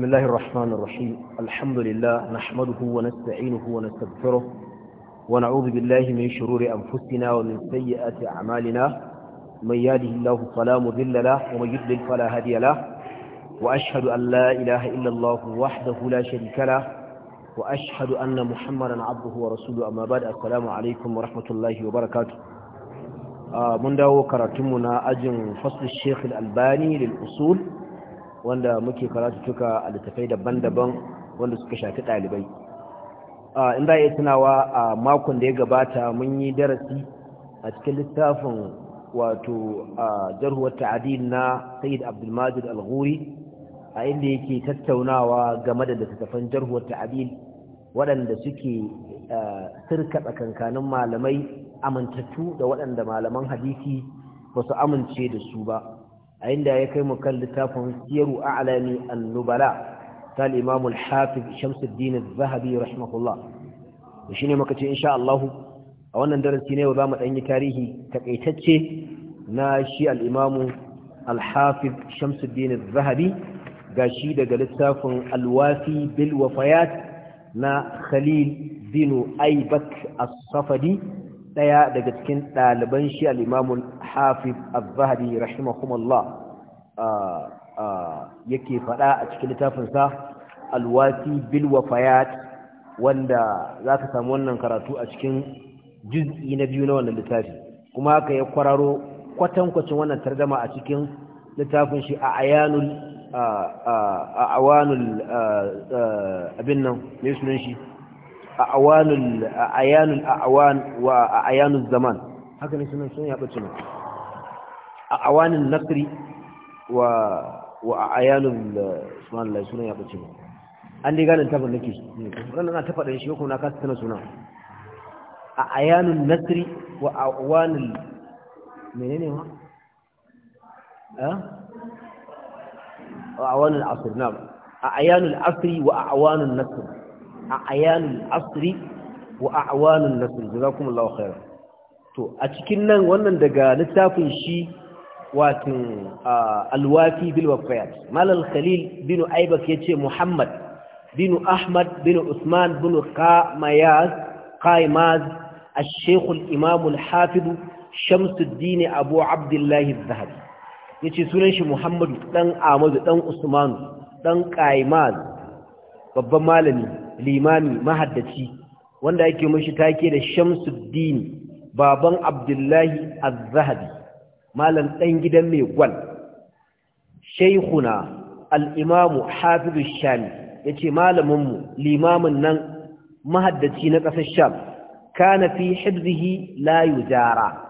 بسم الله الرحمن الرحيم الحمد لله نحمده ونستعينه ونستغفره ونعوذ بالله من شرور أنفسنا ومن سيئات أعمالنا من يهده الله فلا مذل له ومن يضلل فلا هادي له وأشهد أن لا إله إلا الله وحده لا شريك له وأشهد أن محمدا عبده ورسوله أما بعد السلام عليكم ورحمة الله وبركاته آه، من دعوة كراتمنا أجن فصل الشيخ الألباني للأصول wanda muke tuka a littafai daban-daban wanda suka shafi ɗalibai in za a iya tunawa a makon da ya gabata mun yi darasi a cikin littafin wato jarhuwar ta'adil na sayid abdulmajid al-ghuri a inda yake tattaunawa game da littattafan jarhuwar ta'adil waɗanda suke sirka tsakankanin malamai amintattu da waɗanda malaman hadisi ba su amince da su ba a inda ya kai mu kan littafin siyaru a'lami an-nubala ta al-imam al-hafiz Shamsuddin az-Zahabi rahimahullah shi ne muka ce insha Allah a wannan darasi ne za mu dan yi tarihi takaitacce na shi al-imam al-hafiz Shamsuddin az-Zahabi gashi daga littafin al-wafi bil wafayat na Khalil bin Aibak as-Safadi daya daga cikin ɗaliban shi al-Imam Hafiz az-Zahabi rahimahumullah yake faɗa a cikin littafinsa alwasi bil wafayat wanda za ka samu wannan karatu a cikin juz'i na biyu na wannan littafi kuma haka ya kwararo kwatankwacin wannan targama a cikin littafin shi a ayanul a awanul abin nan mai sunan shi a awanul ayanul awan wa ayanul zaman haka ne sunan sun ya cinu a awanin nasri wa ayanul subhanallah sunan ya kuce an dai ganin tabar nake wannan na tafaɗin shi kuma na kasa tana suna a ayanun nasri wa awanul menene ma eh wa awanul asr na a ayanul asri wa awanul nasr a ayanul asri wa awanul nasr jazakumullahu khairan to a cikin nan wannan daga littafin shi watin alwafi bil wafayat malal khalil bin aibak yace muhammad bin ahmad bin usman bin qamayaz qaimaz الشيخ الإمام الحافظ شمس الدين abu عبد الله الذهبي yace sunan shi Muhammadu dan Amadu dan Usman dan Qaimaz babban malami limami mahaddaci wanda yake mishi take da Shamsuddin baban Abdullahi Az-Zahabi malam ɗan gidan mai gwal shaikhuna al'imamu hafizu shami ya ce malaminmu limamin nan mahaddaci na ƙasar sham kana fi hibzihi layu jara,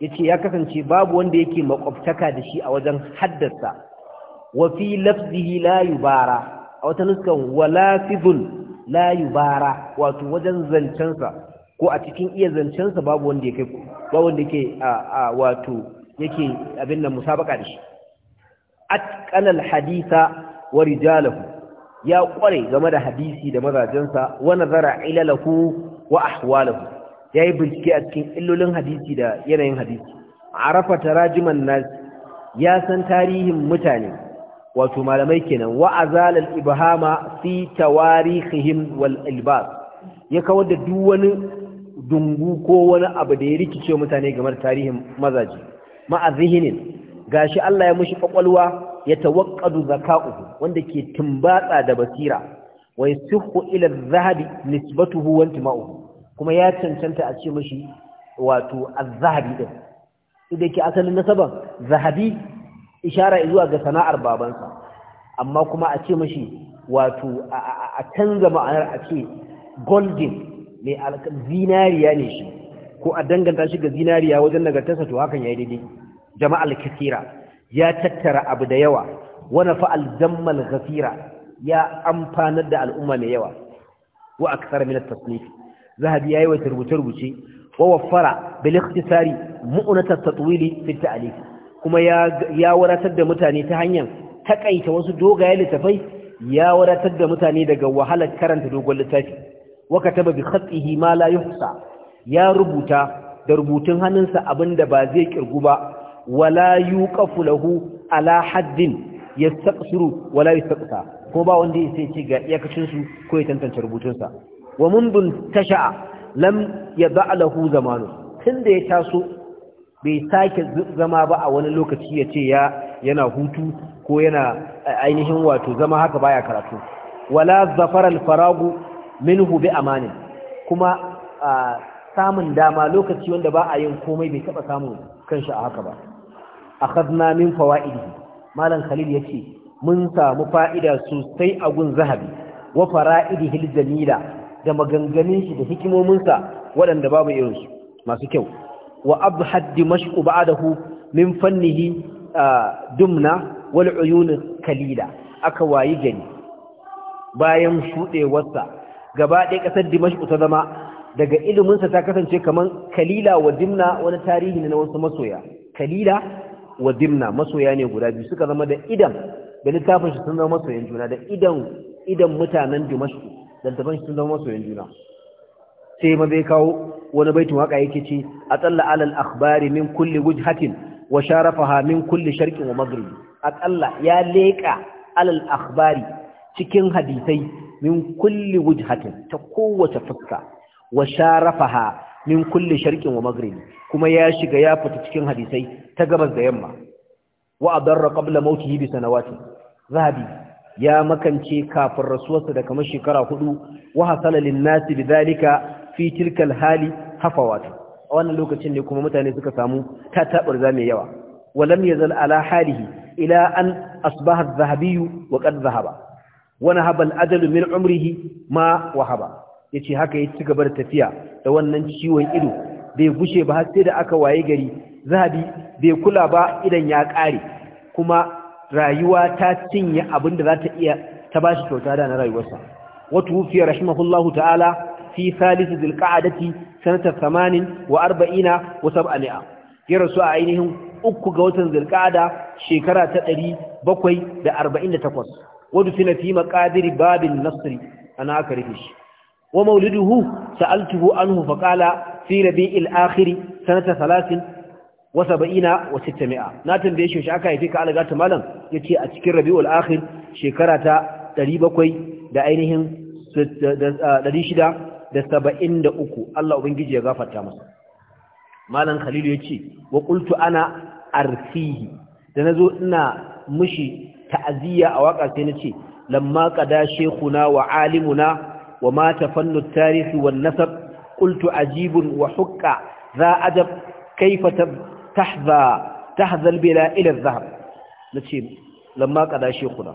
ya ce ya kasance babu wanda yake makwabtaka da shi a wajen haddasa wa fi lafzihi la bara a wata nuskan wala fizun layu bara, wato wajen zancensa ko a cikin iya zancensa babu wanda ya kai ba wanda yake a wato yake abin nan musabaka da shi atqalal haditha wa rijalahu ya kware game da hadisi da mazajensa wa nazara ilalahu wa ahwalahu yayi bincike a cikin illolin hadisi da yanayin hadisi arafa tarajiman nas ya san tarihin mutane wato malamai kenan wa azalal ibhama fi tawarihihim wal ilbas ya kawar da duk wani dungu ko wani abu da ya rikice mutane game da tarihin mazaji ma'a zihinin gashi Allah ya mushi kwakwalwa ya tawakkadu zaka'uhu wanda ke tumbatsa da basira wa yasukhu ila zahabi nisbatuhu wa intima'uhu kuma ya cancanta a ce mushi wato az-zahabi din idan ke asalin nasaban zahabi ishara zuwa ga sana'ar babansa amma kuma a ce mushi wato a canza ma'anar a ce golden mai zinariya ne shi ko a danganta shi ga zinariya wajen nagartarsa to hakan ya yi daidai jama'al kasira ya tattara abu da yawa wani fa'al zammal gafira ya amfanar da al'umma mai yawa wa a min at-tasnif zahabi yayi wata rubuce-rubuce wa waffara bil ikhtisari mu'nat at kuma ya ya wadatar da mutane ta hanyar takaita wasu dogaye littafai ya wadatar da mutane daga wahalar karanta dogon littafi wa taba bi khatihi ma la yuhsa ya rubuta da rubutun hannunsa abinda ba zai kirgu ba wala yuqafu lahu ala haddin yastaqsiru wala yastaqsa Ko ba wanda yake ce ga iyakacin su ko ya tantance rubutunsa wa mundun tasha lam yada lahu zamanu tunda ya taso bai sake zama ba a wani lokaci ya ce ya yana hutu ko yana eh, ainihin wato zama haka baya karatu wala zafara al-faragu minhu bi amanin kuma samun dama lokaci wanda ba a yin komai bai taba samun kanshi a haka ba akhadna min fawaidihi malam khalil yace mun samu fa'ida sosai a gun zahabi wa fara'idihi aljamila da maganganun shi da hikimomin sa waɗanda babu irin su masu kyau wa abhad dimashq ba'dahu min fannihi dumna wal uyun kalila aka wayi gani bayan shudewarsa gaba ɗaya ƙasar dimashku ta zama daga iliminsa ta kasance kamar kalila wa dimna wani tarihi na wasu masoya kalila wa dimna masoya ne guda biyu suka zama da idan da littafin shi sun zama masoyan juna da idan idan mutanen dimashku da littafin shi sun zama masoyan juna sai ma zai kawo wani baitin waka yake ce a tsalla alal akhbari min kulli wujhatin wa sharafaha min kulli sharqin wa maghribi tsalla ya leka alal akhbari cikin hadisai min kulli wujhatin ta kowace fuska wa sharafaha min kulli sharqin wa maghribi kuma ya shiga ya fita cikin hadisai ta gabas da yamma wa adarra qabla mautihi bi sanawati zahabi ya makance kafin rasuwarsa da kamar shekara hudu wa hasala lin nasi bidhalika fi tilka hali hafawata. a wannan lokacin ne kuma mutane suka samu tatabar zame yawa ولم يزل على حاله إلى أن أصبح wa وقد ذهب wani habal ajalu min umrihi ma wahaba ya ce haka ya ci gaba da tafiya da wannan ciwon ido bai gushe ba har sai da aka waye gari zahabi bai kula ba idan ya ƙare kuma rayuwa ta cinye abin da zata iya ta bashi kyauta da na rayuwarsa wata hufiya rahimahullahu ta'ala fi salisu zilka'adati sanatar samanin wa arba'ina wa ya rasu a ainihin uku ga watan zilka'ada shekara ta ɗari bakwai da arba'in da takwas wadu fina fi maqadir babin nasri ana aka rufe shi wa mauliduhu sa'altuhu anhu fa qala fi rabi'il akhir sanata 30 wa 70 wa 600 na tambaye shi aka haifi ka alaga ta malam yace a cikin rabi'ul akhir shekara ta 700 da ainihin 673 Allah ubangiji ya gafarta masa malam khalilu yace wa qultu ana arfihi da na zo ina mushi ta'aziyya a waka sai nace lamma qada shaykhuna wa alimuna wa ma tafannu at-tarikh wan nasab qultu ajibun wa hukka za ajab! kayfa tahza tahza al-bila ila adh-dhahab nace lamma qada shaykhuna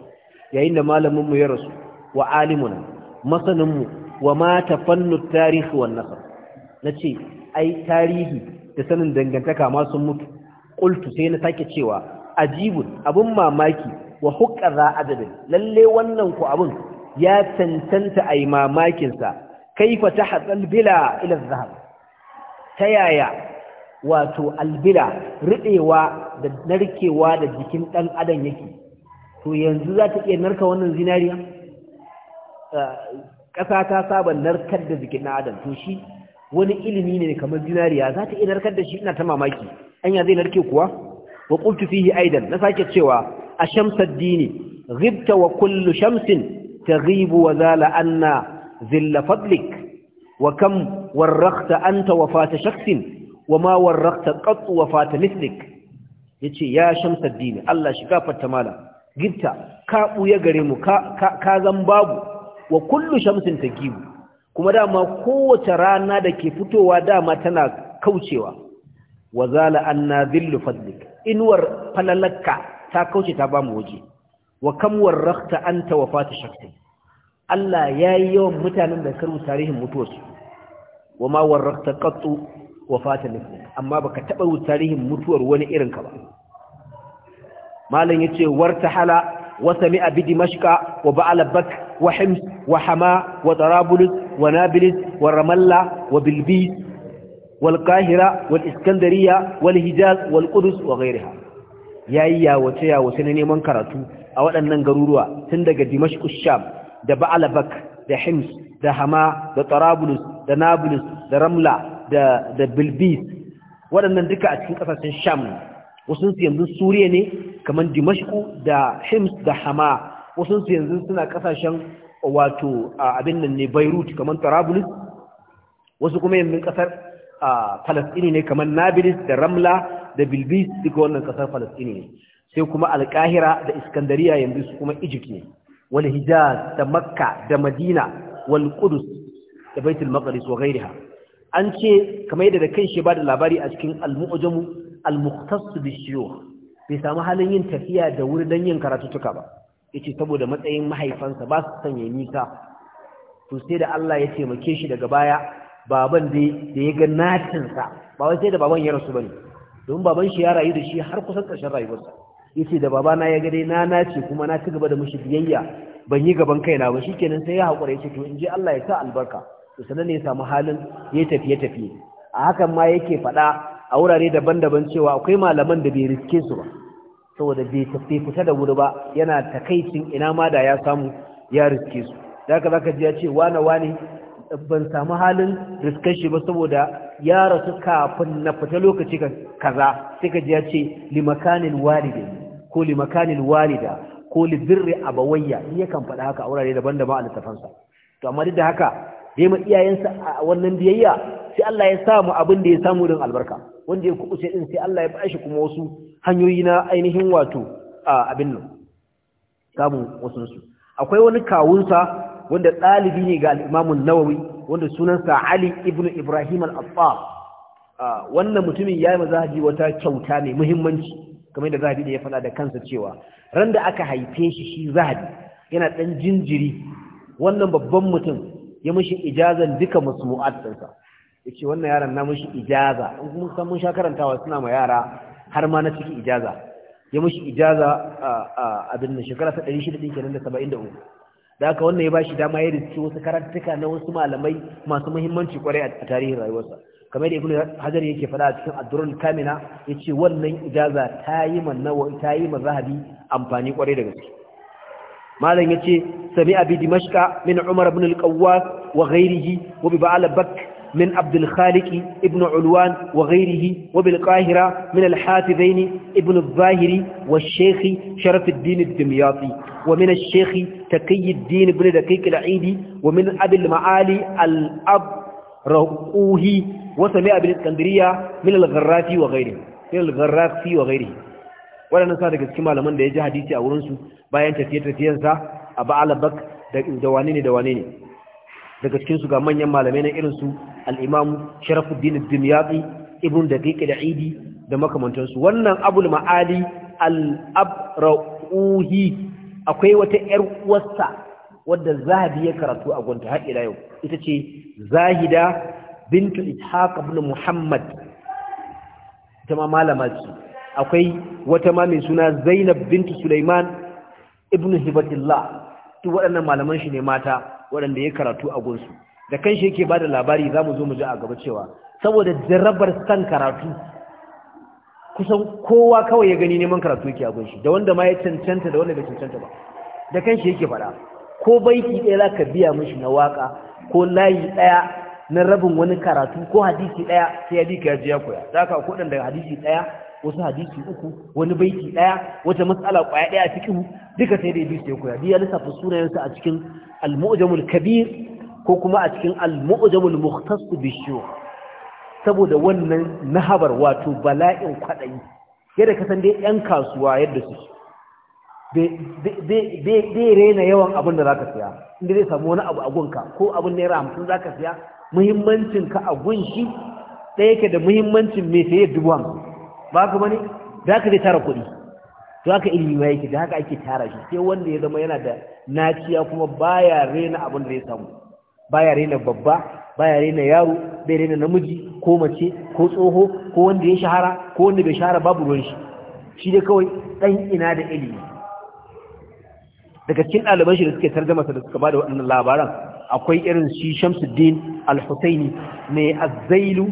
yayin da malamin mu ya rasu wa alimuna masanin mu wa ma tafannu at-tarikh wan nasab nace ai tarihi da sanin dangantaka ma sun mutu qultu sai na sake cewa ajibun abun mamaki wa huqqa adadin lalle wannan ku abun ya tantanta ai mamakin sa kaifa tahzal bila ila zahar, ta yaya wato albila riɗewa da narkewa da jikin ɗan adam yake to yanzu za ta iya narka wannan zinariya eh, ƙasa ta saba narkar da jikin ɗan adam to shi wani ilimi ne kamar zinariya za ta iya narkar da shi ina ta mamaki anya zai narke kuwa wa qultu fihi aidan na sake cewa a shamsaddini ghibta wa kullu shamsin taghibu wa zala anna zilla fadlik wa kam warrakhta anta wafata shakhsin wa ma warrakhta qat wafata mithlik yace ya shamsaddini Allah shi gafarta mala gibta ka buya gare mu ka zan babu wa kullu shamsin gibu. kuma dama kowace rana da ke fitowa dama tana kaucewa wa anna dhillu fadlik inwar falalaka ta kauce ta bamu waje wa kam warrakhta anta wafata shakkin Allah yayi yawan mutanen da karu tarihin mutuwarsu wa ma warrakhta qattu wafata nafsi amma baka taba tarihin mutuwar wani irin ka ba malam yace wartahala wa sami'a bi dimashqa wa ba'ala bak wa hims wa hama wa tarabulus wa nablus wa ramalla wa bilbis والقاهرة والإسكندرية والهجاز والقدس وغيرها ya yi yawace yawace na neman karatu a waɗannan garuruwa tun daga dimashku sham da ba'alabak da hims da hama da tarabulus da nablus da ramla da, da bilbis waɗannan duka a cikin ƙasashen sham wasu yanzu suriya ne kamar dimashku da hims da hama wasu yanzu suna ƙasashen wato abin nan ne beirut kamar tarabulus wasu kuma yanzu ƙasar falasɗini ne kamar nablus da ramla da bilbis duka wannan kasar falastini ne sai kuma alkahira da iskandariya yanzu su kuma egypt ne wal hijaz da makka da madina wal Kudus da baitul maqdis wa an ce kamar yadda da kanshi ba da labari a cikin al-mu'jamu al bi shuyukh bai samu halin yin tafiya da wuri dan yin karatuttuka ba yace saboda matsayin mahaifansa ba su sanya nisa to sai da Allah ya taimake shi daga baya baban da ya ga natinsa ba wai sai da baban ya rasu bane don baban shi ya rayu da shi har kusan ƙarshen rayuwarsa yace da babana ya ga gade na nace kuma na ci gaba da mushi biyayya ban yi gaban kaina ba shikenan sai ya hakura yace to in ji Allah ya sa albarka to sanan ne ya samu halin ya tafiye tafiye a hakan ma yake faɗa a wurare daban-daban cewa akwai malaman da bai riske su ba saboda bai tafi fita da wuri ba yana takaicin ina ma da ya samu ya riske su da haka zaka ji ya ce wane wane ban samu halin riskar shi ba saboda ya rasu kafin na fita lokaci kaza sai ka ji ya ce limakanin walidin ko limakanin walida ko libirri bawayya in yakan faɗa haka a wurare daban-daban a littafansa to amma duk da haka dai ma iyayensa a wannan biyayya sai Allah ya samu abin da ya samu don albarka wanda ya kuɓuce din sai Allah ya bashi kuma wasu hanyoyi na ainihin wato abin nan samun wasu akwai wani kawunsa wanda ɗalibi ne ga al'imamun nawawi wanda sunansa Ali ibn Ibrahim al-Affar wannan mutumin ya yi Zahabi wata kyauta mai muhimmanci kamar da zahabi da ya faɗa da kansa cewa ran da aka haife shi shi zahabi yana ɗan jinjiri wannan babban mutum ya mishi ijazan duka masmu'at ɗinsa ya wannan yaran na mishi ijaza in kuma san mun sha karantawa suna ma yara har ma na ciki ijaza ya mishi ijaza a abin shekara ta 673 da haka wannan ya ba shi dama ya riski wasu karantuka na wasu malamai masu muhimmanci kwarai a tarihin rayuwarsa kamar da ibnu hajar yake faɗa a cikin addurul kamina ya ce wannan ijaza ta yi manawa ta yi mazahabi amfani kwarai da gaske malam yace sami abi dimashqa min umar ibn al-qawwas wa ghayrihi wa bi ba'al bakr من عبد الخالق ابن علوان وغيره وبالقاهرة من الحافظين ابن الظاهري والشيخ شرف الدين الدمياطي ومن الشيخ تقي الدين بن دقيق العيدي ومن أبي المعالي الأب رقوهي وسمع بالإسكندرية من الغرافي وغيره من الغرافي وغيره ولا ننسى ذلك كما لمن يجي حديثي أورنسو باين تفيت تفيت a ba'alabak da wane ne da wane ne daga cikin su ga manyan malamai na irin su al-Imam Sharafuddin ad-Dimyati Ibn Daqiq da idi da makamantan wannan Abul Ma'ali al-Abrauhi akwai wata 'yar uwarsa wadda Zahabi ya karatu a gwanta har ila yau ita ce Zahida bintu Ishaq ibn Muhammad ita ma malama ce akwai wata ma mai suna Zainab bintu Sulaiman ibn Hibatillah duk waɗannan malaman shi ne mata waɗanda ya karatu a gunsu da kan shi yake ba da labari za mu zo mu ji a gaba cewa saboda jarabar san karatu kusan kowa kawai ya gani neman karatu yake a gunshi da wanda ma ya cancanta da wanda bai cancanta ba da kan shi yake faɗa ko baiki ɗaya za ka biya mishi na waƙa, ko layi ɗaya na rabin wani karatu ko hadisi ɗaya sai ya bi ka ya je ya koya za ka kuɗin da hadisi ɗaya wasu hadisi uku wani baiti daya wata matsala kwaya daya a duka sai da su ya koya biya lissafa sunayensa a cikin al-mu'jamul kabir ko kuma a cikin al-mu'jamul mukhtas bi saboda wannan nahabar wato bala'in kwadayi yadda ka san dai yan kasuwa yadda su bai rena yawan abin da zaka siya inda zai samu wani abu a gunka ko abin naira hamsin zaka siya muhimmancin ka a gunshi da ɗaya yake da muhimmancin mai sayar dubu hamsin ba ka bane Za ka zai tara kuɗi to haka ilimi ya yake da haka ake tara shi sai wanda ya zama yana da naciya kuma baya rena abin da ya samu baya rena babba baya rena yaro bai rena namiji ko mace ko tsoho ko wanda ya shahara ko wanda bai shahara babu ruwan shi shi dai kawai dan ina da ilimi daga cikin ɗaliban shi da suke tarjama da suka bada waɗannan labaran akwai irin shi Shamsuddin Al-Husaini mai Azzailu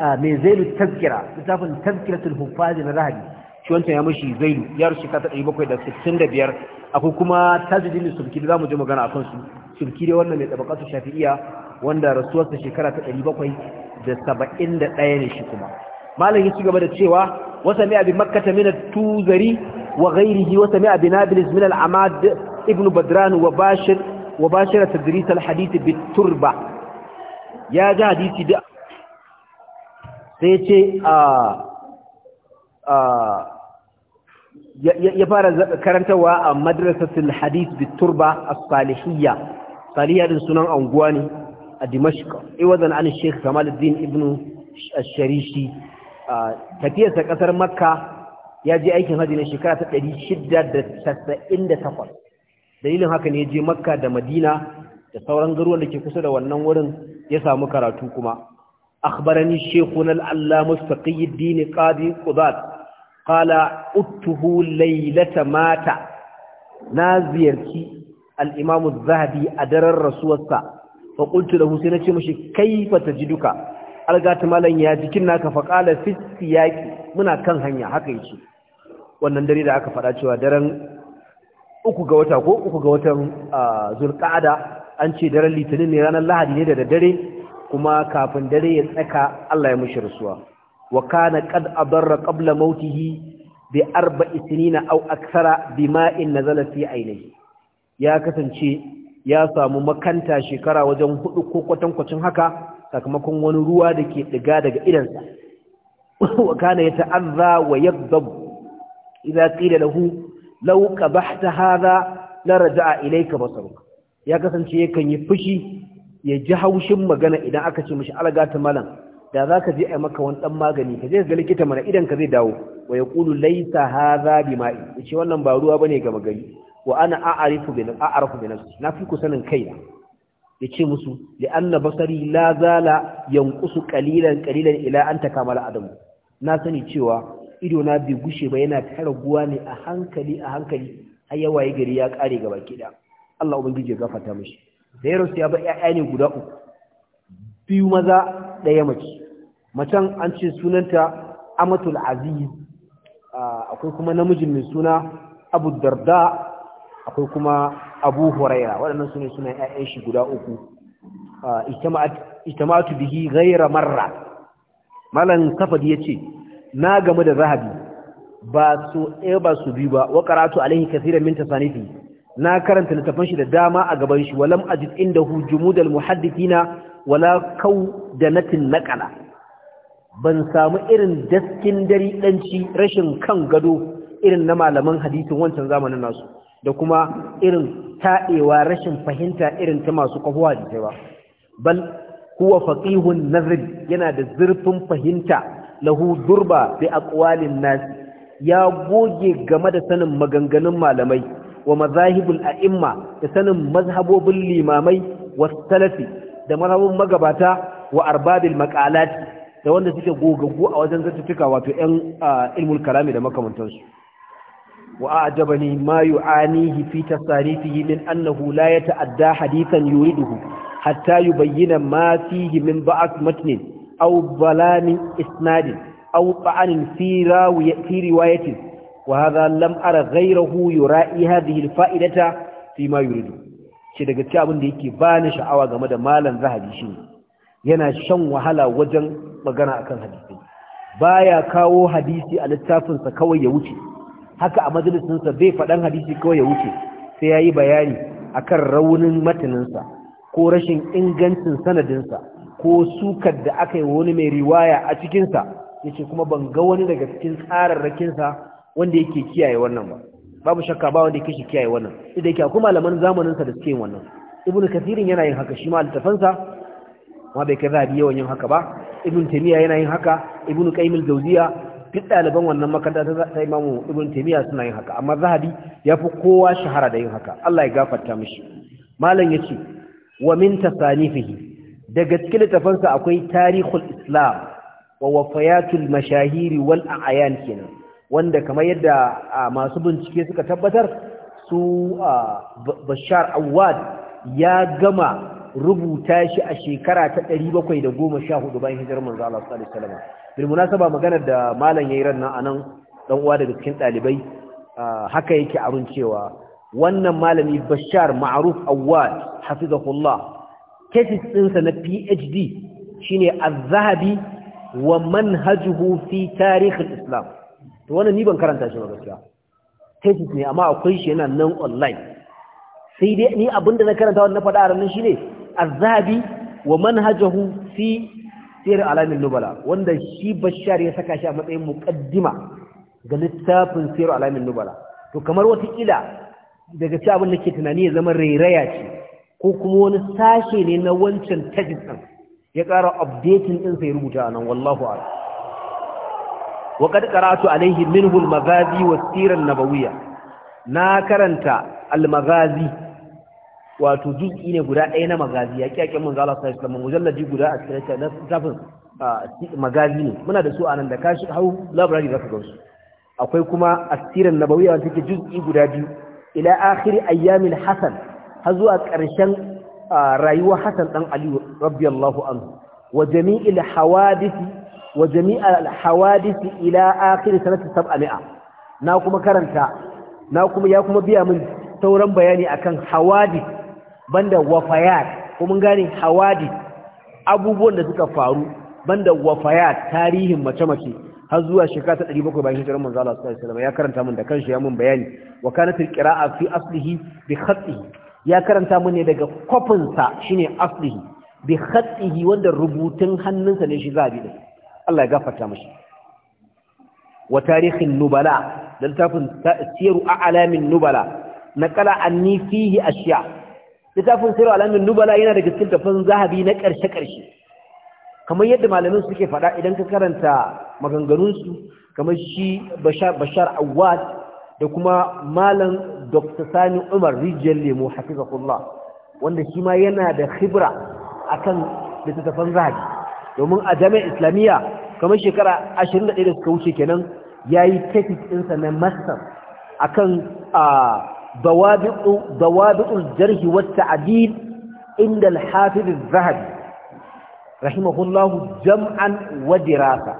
mai Zainu tazkira littafin tazkiratul hufazi na zahabi shi wancan ya mashi zailu ya rushe ka ta 765 akwai kuma tajidin sulki za mu je magana akan su sulki dai wannan mai tabakatu shafi'iya wanda rasuwarsa shekara ta 771 ne shi kuma malam ya ci gaba da cewa wasa mai abin makkata min tuzari wa ghairihi wasa mai abin nablis min al-amad ibn badran wa bashir wa bashir tadris al-hadith bit turba ya ga hadisi da sai ce ya fara karantarwa a madrasatul hadith turba as-salihiyya salihiyya din sunan anguwa ne a dimashq iwadan an sheikh kamaluddin ibnu ash-sharishi sa kasar makka ya je aikin hajji na shekara ta 698 dalilin haka ne ya je makka da madina da sauran garuwan da ke kusa da wannan wurin ya samu karatu kuma أخبرني شيخنا العلامة تقي الدين قاضي قضاة قال أته ليلة مات نازيركي الإمام الذهبي أدر الرسول السا فقلت له سنتي مشي كيف تجدك ألقات مالا ياجكناك فقال في السياك منا كان هنيا حقيقي wannan dare da aka faɗa cewa daren uku ga wata ko uku ga watan zulƙa'ada an ce daren litinin ne ranar lahadi ne da daddare kuma kafin dare ya tsaka Allah ya mushi rasuwa wa kana qad adarra qabla mautihi bi arba'i sinina aw akthara bima'in nazala fi ainihi ya kasance ya samu makanta shekara wajen hudu ko kwatankwacin haka sakamakon wani ruwa da ke diga daga idansa wa kana yata'azza wa yaghdab idza qila lahu law qabahta hadha la raja'a ilayka basaruka ya kasance yakan yi fushi ya ji haushin magana idan aka ce alaga ta malam da za ka je a maka wani ɗan magani ka je ga likita mana idan ka zai dawo wa ya ƙulu laisa haza bi ma'i ya ce wannan ba ruwa bane ga magani. wa ana a'arifu bi a'arifu bi nafsi na fi ku sanin kaina ya ce musu li anna basari la zala yanqusu qalilan qalilan ila an takamala adam na sani cewa ido na bai gushe ba yana ta ne a hankali a hankali har yawaye gari ya kare gaba ki Allah ubangiji ya gafarta mishi da ya rasu bar ƴaƴa ne guda uku biyu maza ɗaya mace macen an ce sunanta amatul aziz akwai kuma namijin mai suna abu darda akwai kuma abu huraira waɗannan sune suna yayan shi guda uku Ita itamatu bihi gaira marra malan ya ce, na game da zahabi ba su ɗaya eh, ba su biyu ba wa qara'atu alaihi kaseeran min tasanifi na karanta littafin shi da dama a gaban shi walam ajid da jumudal muhaddithina wala kaudanatin naqala ban samu irin daskin dari danci rashin kan gado irin na malaman hadisin wancan zamanin nasu da kuma irin taɗewa rashin fahimta irin ta masu kafuwa da ba bal huwa faqihun nazri yana da zurfin fahimta lahu durba bi aqwalin nas ya goge game da sanin maganganun malamai wa mazahibul a'imma da sanin mazhabobin limamai wa salafi da mazhabin magabata wa arbabil maqalat da wanda suke gogaggu a wajen zattuka wato ƴan ilmul kalami da makamantansu wa ajabani ma yu'anihi fi tasarifihi min annahu la yata'adda hadithan yuriduhu hatta yubayyana ma fihi min ba'at matnin aw balani isnadin aw ta'anin fi rawiyatin وهذا لم أرى غيره يرائي هذه الفائدة فيما يريد shi daga ci abin da yake ba ni sha'awa game da malam zahabi shi yana shan wahala wajen magana akan hadisi baya kawo hadisi a littafinsa kawai ya wuce haka a majalisinsa bai faɗan hadisi kawai ya wuce sai ya yi bayani akan raunin mataninsa ko rashin ingancin sanadinsa ko sukar da aka yi wani mai riwaya a cikinsa ya ce kuma ban ga wani daga cikin tsararrakinsa wanda yake kiyaye wannan ba babu shakka ba wanda yake shi kiyaye wannan idan yake akwai malaman zamanin sa da suke yin wannan ibn kathirin yana yin haka shi ma littafansa ma bai kai zabi yawan yin haka ba ibn taymiya yana yin haka ibn qayyim al-jawziya duk ɗaliban wannan makaranta ta imamu ibn taymiya suna yin haka amma zahabi ya fi kowa shahara da yin haka Allah ya gafarta mishi malam yace wa min tasanifihi daga cikin littafansa akwai tarihul islam wa wafayatul mashahiri wal a'yan kenan wanda kamar yadda masu bincike suka tabbatar su bashar awad ya gama rubuta shi a shekara ta 714 bayan hijirar manzo Allah sallallahu alaihi wasallam bil munasaba maganar da malam yayi ran nan anan dan uwa daga cikin dalibai haka yake arun cewa wannan malami bashar ma'ruf awad hafizahullah thesis ɗinsa na PhD shine az-zahabi wa manhajuhu fi tarikh al-islam to wannan ni ban karanta shi ba gaskiya thesis ne amma akwai shi yana nan online sai dai ni abinda na karanta wannan faɗa a ranar shine az wa manhajahu fi sir alamin nubala wanda shi bashar ya saka shi a matsayin muqaddima ga littafin sir alamin nubala to kamar wata kila daga ci abin da ke tunani ya zama rairaya ce ko kuma wani sashe ne na wancan tajin ɗin ya ƙara updating ɗinsa ya rubuta a nan wallahu a'lam wa qad qara'tu alayhi minhu al-maghazi wa as-sira an-nabawiyya na karanta al-maghazi wato juz'i ne guda ɗaya na magazi ya kiyakin mun Allah sallallahu alaihi wasallam mujalladi guda a cikin na tafin magazi ne muna da su anan da kashi hau library zaka ga su akwai kuma asirin nabawiyya wanda take juz'i guda biyu ila akhir ayyamil hasan har zuwa ƙarshen rayuwar hasan dan ali radiyallahu anhu wa jami'il hawadith wa jami'al hawadisi ila akhir sanati 700 na kuma karanta na kuma ya kuma biya min sauran bayani akan hawadis banda wafayat gane hawadis abubuwan da suka faru banda wafayat tarihin mace-mace har zuwa shekara ta 700 bayan hijirar manzo Allah sallallahu alaihi wasallam ya karanta min da kanshi ya mun bayani wa kanat alqira'a fi aslihi bi khatihi ya karanta min ne daga kofin sa shine aslihi bi khatihi wanda rubutun hannunsa ne shi zabi din Allah ya gafarta mashi wa tarihin nubala da littafin siyaru alamin nubala na kala anni fihi ashiya littafin siyaru alamin nubala yana da cikin tafin zahabi na karshe-karshe. kamar yadda malamin suke faɗa idan ka karanta maganganunsu kamar shi bashar awad da kuma malam dr sani umar rijiyar lemo hafizahullah wanda shi ma yana da khibra akan littattafan zahabi domin a jami'ar islamiyya kamar shekara 21 da suka wuce kenan ya yi tafis ɗinsa na masar a kan dawabi'ul jarhi wata adil inda alhafizin zahabi rahimahullahu jam'an wadirasa,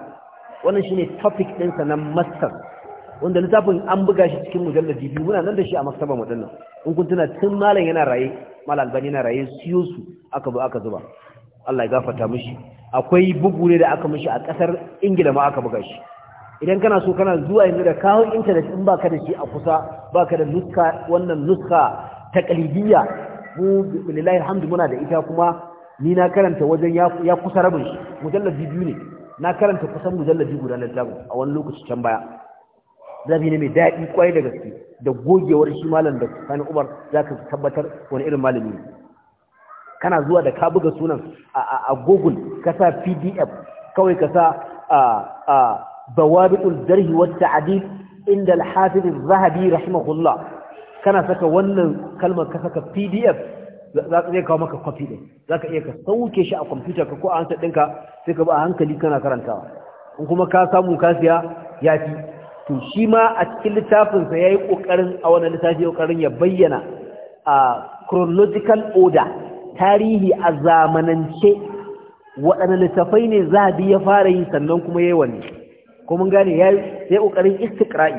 wannan shi ne topic ɗinsa na masar wanda littafin an buga shi cikin mujallar biyu muna nan da shi a maktaba waɗannan in kun tuna tun malam yana raye malam yana raye siyo su aka zo aka zuba Allah ya gafarta mushi. akwai bugu ne da aka mishi a kasar ingila ma aka buga shi idan kana so kana zuwa yanzu da kawo intanet in ba ka da shi a kusa ba ka da nuska wannan nuska ta kalidiyya mu lillahi alhamdu muna da ita kuma ni na karanta wajen ya kusa rabin shi mujallabi biyu ne na karanta kusan mujallabi guda na littafin a wani lokaci can baya zafi ne mai daɗi kwai da gaske da gogewar shi malam da kan umar za ka tabbatar wani irin malami ne kana zuwa da ka buga sunan a google ka sa pdf kawai ka sa bawabitul jarhi wa ta'dil inda al-hafiz az-zahabi rahimahullah kana saka wannan kalmar ka saka pdf za ka iya kawo maka copy din za ka iya ka sauke shi a computer ka ko a hansa ɗinka sai ka ba a hankali kana karantawa in kuma ka samu ka siya ya fi to shi ma a cikin littafinsa ya yi ƙoƙarin a wannan littafi ƙoƙarin ya bayyana a chronological order tarihi a zamanance waɗanne littafai ne za zahabi ya fara yi sannan kuma yi wani? ko mun gane ya yi ƙoƙarin istikra'i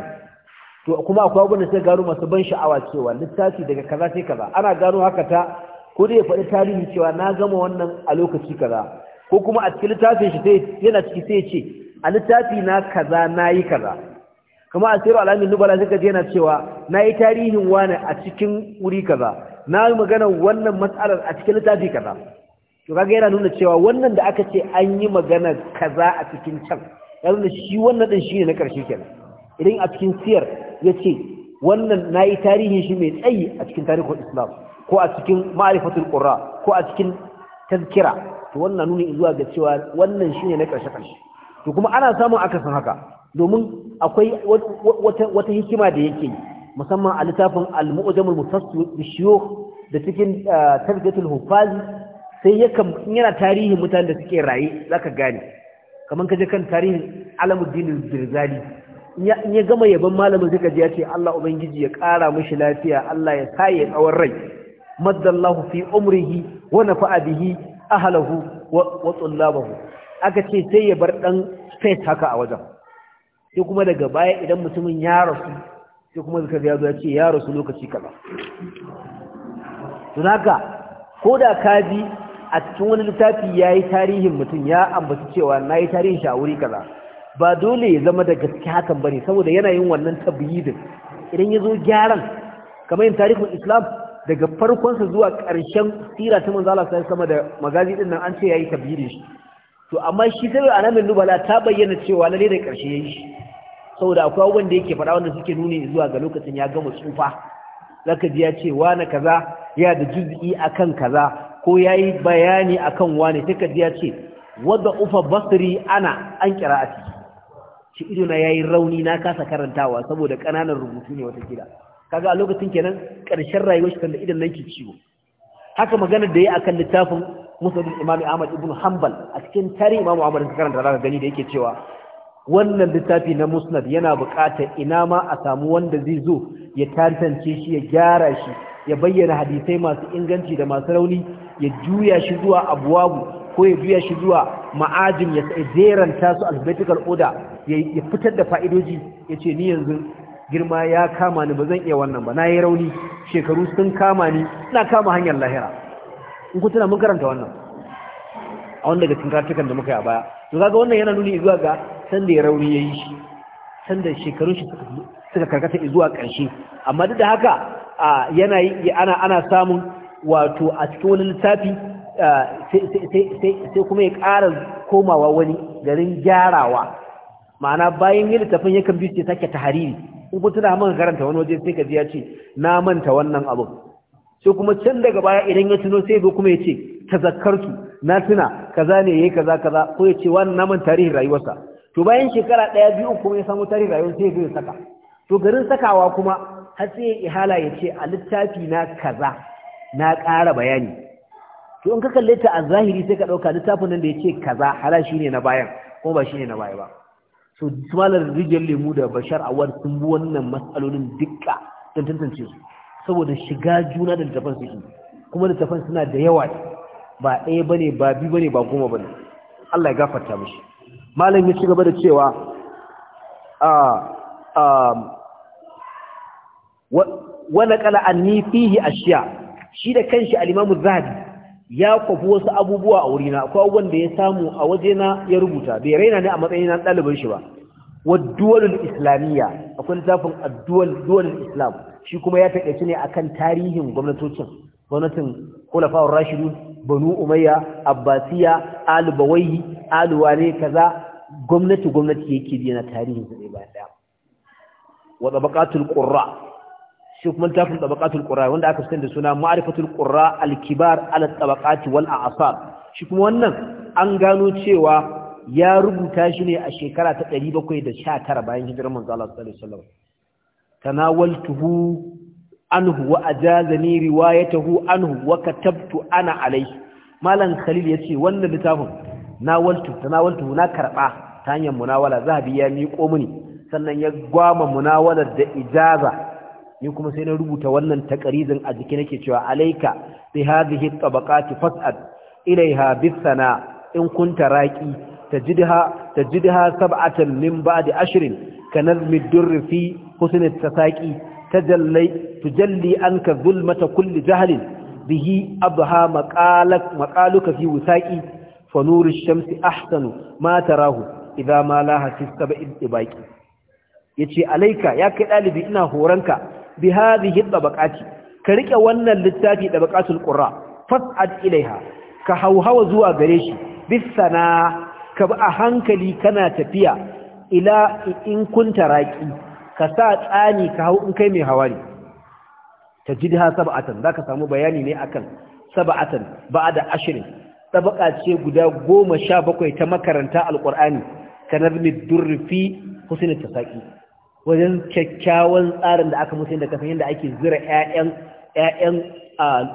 to kuma akwai abin da sai gano masu ban sha'awa cewa littafi daga kaza sai kaza ana gano haka ta ko dai ya faɗi tarihi cewa na gama wannan a lokaci kaza ko kuma a cikin littafin shi yana ciki sai ce a littafi na kaza na yi kaza kuma a sayar alamin nubala sai ka je yana cewa na yi tarihin wani a cikin wuri kaza na yi magana wannan matsalar a cikin littafi kaza to kaga yana nuna cewa wannan da aka ce an yi magana kaza a cikin can ya nuna shi wannan din shine na karshe kenan idan a cikin siyar ya ce wannan na yi tarihin shi mai tsayi a cikin tarihin islam ko a cikin ma'arifatul qurra ko a cikin tazkira to wannan nuni zuwa ga cewa wannan shine na karshe karshe to kuma ana samun akasin haka domin akwai wata hikima da yake yi musamman a littafin al-mu'jamul mufassil bishiyukh da cikin uh, tarbiyatul hufaz sai yakan yana tarihin mutanen da suke raye zaka gane kamar kaje kan tarihin alamuddin birzali in ya gama yaban malamin suka ji ya ce Allah ubangiji ya ƙara mishi lafiya Allah ya sa ya tsawon rai maddallahu fi umrihi wa nafa'a bihi ahlahu wa tullabahu aka ce sai ya bar dan space haka a wajen sai kuma daga baya idan mutumin ya rasu sai kuma zikar ya zo ya ce ya rasu lokaci kaza to haka ko da ka ji a cikin wani littafi ya yi tarihin mutum ya ambaci cewa na yi tarihin shi kaza ba dole ya zama da gaske hakan ba ne saboda yana yin wannan tabbidin idan ya zo gyaran kamar yin tarihin islam daga farkonsa zuwa ƙarshen tsira ta manzala sai sama da magazi din nan an ce ya yi tabbidin shi to amma shi sai alamin nubala ta bayyana cewa lalle da ƙarshe ya yi shi saboda akwai wanda yake faɗa wanda suke nuni zuwa ga lokacin ya gama tsufa zaka ji ya ce wane kaza ya da juz'i akan kaza ko yayi bayani akan wane take ji ya ce wadda ufa basri ana an qira'ati shi ido na yayi rauni na kasa karantawa saboda kananan rubutu ne wata kila kaga a lokacin kenan karshen rayuwar shi kan idan nan ki ciwo haka magana da yayi akan littafin musnad imam Ahmad ibn Hanbal a cikin tarihi imam Ahmad ka karanta zaka gani da yake cewa wannan littafi na musnad yana buƙatar ina ma a samu wanda zai zo ya tantance shi ya gyara shi ya bayyana hadisai masu inganci da masu rauni ya juya shi zuwa abuwabu ko ya juya shi zuwa ma'ajin ya jeranta su alphabetical order ya fitar da fa'idoji ya ce ni yanzu girma ya kama ni ba zan iya wannan ba na yi rauni shekaru sun kama ni na kama hanyar lahira in ku tuna mun karanta wannan a wanda daga cikin kartukan da muka yi a baya to kaga wannan yana nuni zuwa ga sanda ya rauni ya yi shi sanda shekarun shi suka karkata zuwa ƙarshe amma duk da haka yana yi ana samun wato a cikin wani littafi sai kuma ya ƙara komawa wani garin gyarawa ma'ana bayan yi littafin yakan biyu ce sake tahariri in kun tana man karanta wani waje sai ka ji ya ce na manta wannan abin sai kuma can daga baya idan ya tuno sai zo kuma ya ce tazakkartu na tuna kaza ne yi kaza kaza ko ya ce wannan na tarihin rayuwarsa to bayan shekara ɗaya biyu kuma ya samu tarihi rayuwar sai zai saka to garin sakawa kuma har sai ihala ya ce a littafi na kaza na ƙara bayani to in ka kalle ta a zahiri sai ka ɗauka littafin nan da ya ce kaza hala shi ne na bayan kuma ba shi ne na baya ba so malar rijiyar lemu da bashar awad sun bi wannan matsalolin dukka don tantance su saboda shiga juna da littafan su kuma littafan suna da yawa ba ɗaya bane ba biyu bane ba goma ba ne. Allah ya gafarta mishi malam ya ci gaba da cewa ah, ah, wani kala anni a ashiya shi da kanshi alimamu zahabi ya kwafi wasu abubuwa a wurina akwai abubuwan da ya samu a wajena ya rubuta bai raina ne a matsayin na ɗaliban shi ba wadduwalul islamiyya akwai littafin adduwalul islam shi kuma ya taƙaice ne akan tarihin gwamnatocin gwamnatin kulafawar rashidu banu umayya abbasiya alubawai wane kaza gwamnati gwamnati yake ji na tarihin sa ba da wa tabaqatul qurra shi kuma tafin tabaqatul qurra wanda aka sani da suna ma'rifatul qurra al-kibar ala tabaqati wal a'sab shi kuma wannan an gano cewa ya rubuta shi ne a shekara ta 719 bayan hijirar manzo Allah sallallahu alaihi wasallam tanawaltuhu anhu wa ajazani riwayatahu anhu wa katabtu ana alayhi malam khalil yace wannan littafin nawaltu tanawaltuhu na karba ta hanyar munawala zahabi ya miƙo mini sannan ya gwama munawalar da ijaza ni kuma sai na rubuta wannan takarizin a jiki nake cewa alaika bi hadhihi tabaqati fas'ad ilaiha bisana in kunta raqi tajidha tajidha sab'atan min ba'di ashrin ka nazmi durr fi husn at-tasaqi tajalli tujalli anka zulmata kulli jahlin bihi abha maqalak maqaluka fi wisaqi fa nuru ash-shamsi ahsanu ma tarahu idza ma la hasis sab'in ibaqi yace alaika ya kai dalibi ina horanka bi hadhihi tabaqati ka rike wannan littafi da baqatul qurra fas'ad ilaiha ka hauhawa zuwa gare shi bisana ka bi a hankali kana tafiya ila in kunta raki ka sa tsani ka hau in kai mai hawari tajidha sab'atan zaka samu bayani ne akan sab'atan ba'da ashrin tabaka ce guda 17 ta makaranta alqur'ani kanarmi durfi husnul tasaqi wajen kyakkyawan tsarin da aka musu da kafin yadda ake zira ƴaƴan ƴaƴan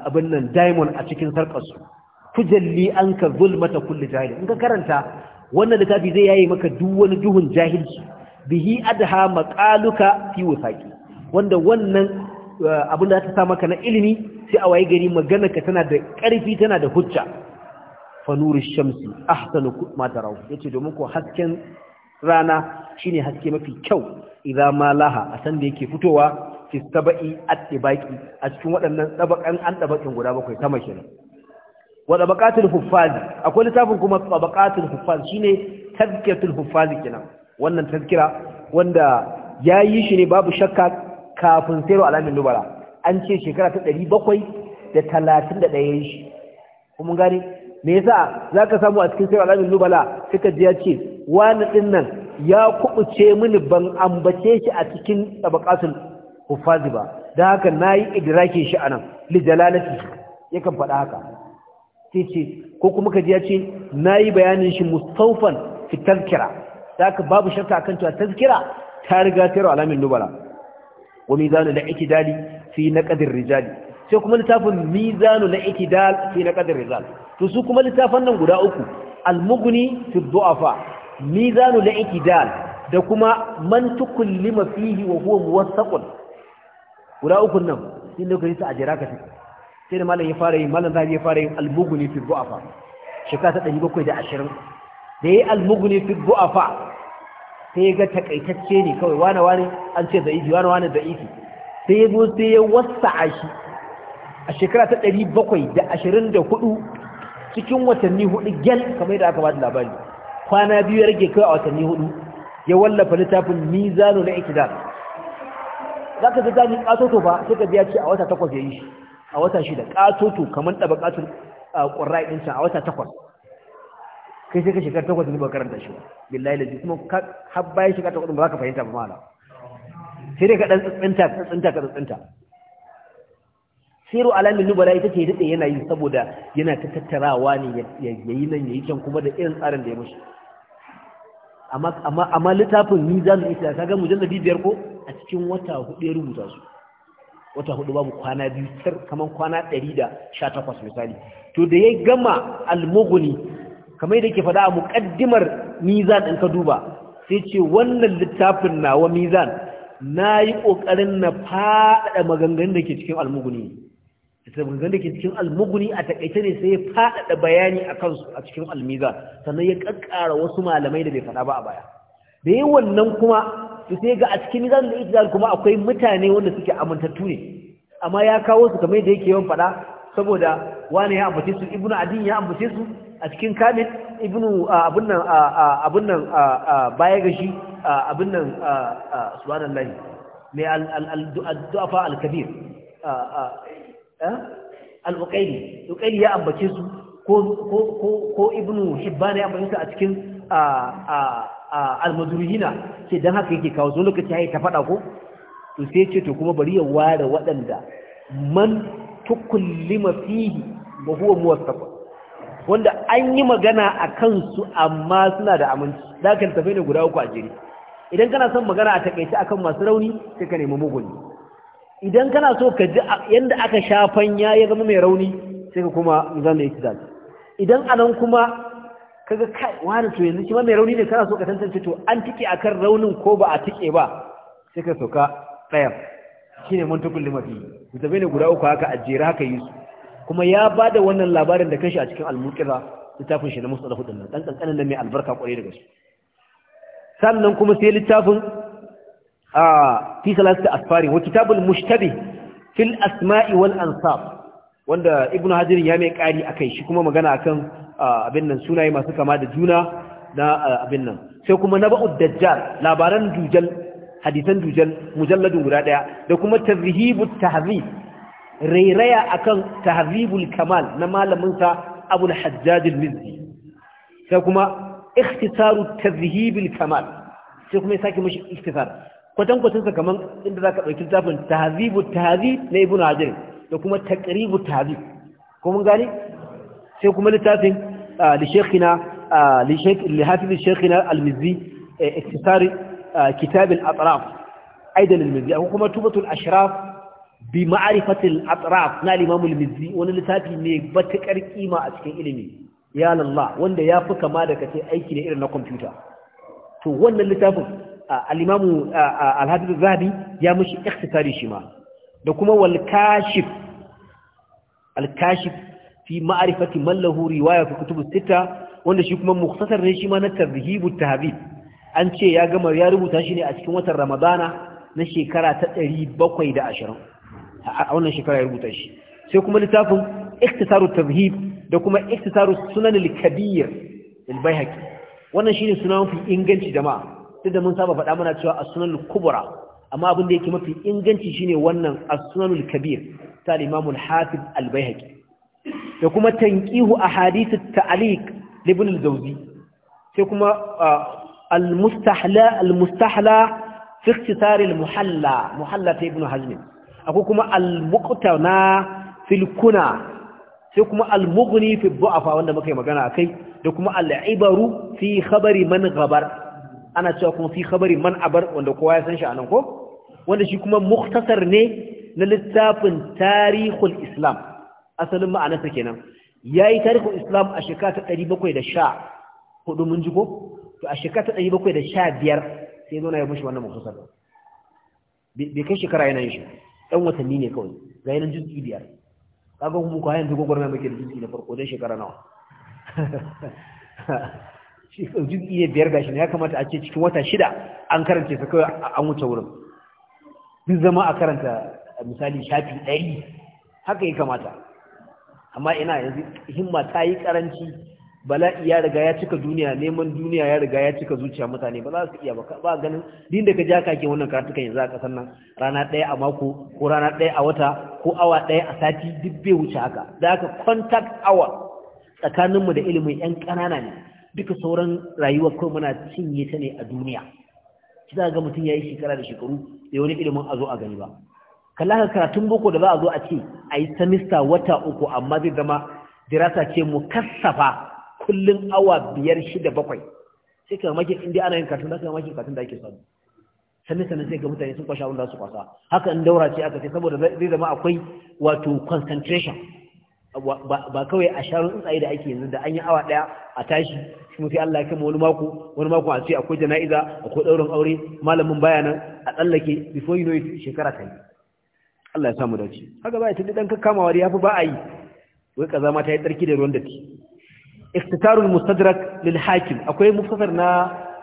abin nan diamond a cikin sarkar su an ka zulmata kulli jahil in ka karanta wannan littafi zai yayi maka duk wani duhun jahilci bihi adha maqaluka fi wasaqi wanda wannan abin da ta sa maka na ilimi sai a waye gari magana ka tana da ƙarfi tana da hujja fanuri shamsi ahsanu ma tarau yace domin ko hasken rana shine haske mafi kyau idan ma laha a san da yake fitowa fi saba'i at-tibaqi a cikin waɗannan tabakan an tabakin guda bakwai sama kenan wa tabaqatul huffaz akwai littafin kuma tabaqatul huffaz shine tazkiyatul huffaz kenan wannan tazkira wanda yayi shi ne babu shakka kafin sayro alamin nubara an ce shekara ta bakwai da da shi kuma gani me yasa zaka samu a cikin sirr alamin nubala suka ji ya ce wani din nan ya kubuce mini ban ambace shi a cikin tabaqatul hufazi ba dan haka nayi idrake shi anan li jalalati kan faɗa haka sai ce ko kuma ka ji ya ce nayi bayanin shi mustaufan fi tazkira zaka babu shakka akan cewa tazkira ta riga sirr alamin nubala wa mizanu na ikidali fi naqdir rijali sai kuma littafin mizanu na ikidal fi naqdir rijali to su kuma littafan nan guda uku al-mughni fi du'afa mizanu al-i'tidal da kuma man tukallima fihi wa huwa muwassaqun guda uku nan din da kai ta ajira ka sai da malam ya fara yin malam zai ya fara yin al-mughni fi du'afa shekara ta 720 da yayi al-mughni fi du'afa sai ga takaitacce ne kawai wane wane an ce da'ifi wane wane da'ifi sai ya zo sai ya wasa shi a shekara ta 724 cikin watanni hudu gel kamar da aka ba da labari kwana biyu ya rage kai a watanni hudu ya wallafa littafin mizanu na ikidar za ka zata ni katoto ba sai ka biya ce a wata takwas ya yi shi a wata shida katoto kamar ɗaba katon ƙwarai ɗinsa a wata takwas kai sai ka shekar takwas ne ba karanta shi billahi lazi kuma har bayan shekar takwas ba za ka fahimta ba mala sai dai ka ɗan tsintsinta, ka tsintsinta, ka tsinta siru alamin nubala ita ce daɗe yana yi saboda yana ta tattarawa ne ya yi nan ya yi can kuma da irin tsarin da ya mashi amma littafin ni za mu isa mu mujalladi biyar ko a cikin wata hudu ya rubuta su wata hudu babu kwana biyu sar kaman kwana ɗari da sha takwas misali to da ya gama almuguni kamar yadda ke faɗa a muƙaddimar mizan ɗin ka duba sai ce wannan littafin nawa mizan na yi ƙoƙarin na faɗa maganganun da ke cikin almuguni sabon da ke cikin almuguni a takaice ne sai ya faɗaɗa bayani a kansu a cikin almiza sannan ya ƙaƙƙara wasu malamai da bai faɗa ba a baya da yi wannan kuma su sai ga a cikin nizan da ita kuma akwai mutane wanda suke amintattu ne amma ya kawo su kamar da yake yawan faɗa saboda wani ya ambace su ibnu adin ya ambace su a cikin kamil ibnu abun nan abun nan baya ga shi abun nan subhanallahi mai al-du'afa al-kabir Eh? al-uqayli uqayli ya ambace su ko ko ko ko ibnu hibban ya ambace su a cikin al-madrujina ce dan haka yake kawo su lokaci yayi ta fada ko to sai ce to kuma bari ya ware waɗanda man tukullima fihi wa huwa muwaffaq wanda an yi magana a kansu amma suna da aminci za tafi ne guda uku a jiri idan kana son magana a takaice akan masu rauni sai ka nemi muguni idan kana so ka ji yadda aka shafan ya ya zama mai rauni sai ka kuma zama mai iktidal idan anan kuma kaga kai wani to yanzu kima mai rauni ne kana so ka tantance to an tike a kan raunin ko ba a tike ba sai ka soka ɗaya ne mantukun limafi zabe ne guda uku haka a jera haka yi su kuma ya ba da wannan labarin da kashi a cikin almukira littafin shi na musu da hudun nan ɗan ƙanƙanin da mai albarka ƙwarai da su. sannan kuma sai littafin fi salasati asfari wa kitabul mushtabih fil asma'i wal ansab wanda ibnu hajar ya mai kari akai shi kuma magana akan abin nan sunaye masu kama da juna na abin nan sai kuma naba'ud dajjal labaran dujal hadisan dujal mujalladin guda ɗaya da kuma tarhibut tahzib rairaya akan tahzibul kamal na malamin sa abul hajjaj al-mizzi kamal sai kuma ya sake mishi ikhtisar kwatankwacinsa kamar inda za ka ɗauki littafin tahazibu tahazib na ibn hajar da kuma taqribu tahazib ko mun gani sai kuma littafin ah, li shaykhina ah, li shaykh li hafiz shaykhina al-mizzi eh, iktisar ah, kitab al-atraf aidan al-mizzi ko kuma tubatul ashraf bi ma'rifati al-atraf na al-imam al-mizzi wani littafi ne batakar kima a cikin ilimi ya lallah wanda ya fi kama da kace aiki ne irin na computer to wannan littafin al-imamu al zahabi ya mushi ikhtisari shi ma da kuma wal kashif fi ma'rifati man waya riwaya fi kutubu sita wanda shi kuma mukhtasar ne shi ma na tarhibu tahbib an ce ya gama ya rubuta shi ne a cikin watan ramadana na shekara ta 720 a wannan shekara ya rubuta shi sai kuma littafin ikhtisaru tarhib da kuma ikhtisaru sunan al-kabir al shi wannan shine sunan fi inganci jama'a duk da mun saba faɗa mana cewa as-sunanul kubra amma abin da yake mafi inganci shine wannan as-sunanul kabir ta al-imam al-hafiz al-baihaqi da kuma tanqihu ahadith at-ta'liq ibn al-jawzi sai kuma al-mustahla al-mustahla fi ikhtisar al-muhalla muhalla ta ibn hazm akwai kuma al-muqtana fil kuna sai kuma al-mughni fi du'afa wanda muka yi magana akai da kuma al-ibaru fi khabari man ghabar ana cewa kuma fi khabarin man abar wanda kowa ya san shi anan ko wanda shi kuma muktasar ne na littafin tarihul islam asalin ma'anarsa kenan yayi tarihul islam a shekara ta 714 mun ji ko to a shekara ta 715 sai zo na yi mishi wannan muktasar bai kai shekara yana yin shi dan watanni ne kawai ga yanan juz'i biyar kaga kuma ko yanzu gogorna muke da juz'i na farko dan shekara nawa shi iya ne biyar gashi ne ya kamata a ce cikin wata shida an karanta su kawai an wuce wurin duk zama a karanta misali shafi ɗari haka ya kamata amma ina yanzu himma ta yi karanci bala'i ya riga ya cika duniya neman duniya ya riga ya cika zuciya mutane ba za su iya ba ba ganin din da ka ja kake wannan karatu kan yanzu a kasar nan rana ɗaya a mako ko rana ɗaya a wata ko awa ɗaya a sati duk bai wuce haka da haka contact hour tsakaninmu da ilimin yan ƙanana ne duka sauran rayuwa kawai muna cinye ta ne a duniya Ki za ga mutum ya yi shekara da shekaru da wani ilimin a zo a gani ba kalla karatun boko da za a zo a ce a yi wata uku amma zai zama dirasa ce mu kassafa kullum awa biyar shida bakwai sai ka maki inda ana yin karatun da ka maki karatun da ake samu sannan sannan sai ga mutane sun kwashe abin su kwasa haka in daura ce aka ce saboda zai zama akwai wato concentration ba kawai a sharon tsuntsaye da ake yanzu da an yi awa daya a tashi kuma sai Allah ya kama wani mako wani mako a ce akwai jana'iza akwai daurin aure malamin baya nan a tsallake before you know it shekara ta yi Allah ya samu dace haka ba ya ɗan dan kakkamawa da yafi ba a yi wai kaza ma ta yi tsarki da ruwan datti iftitarul mustadrak lil hakim akwai muftasar na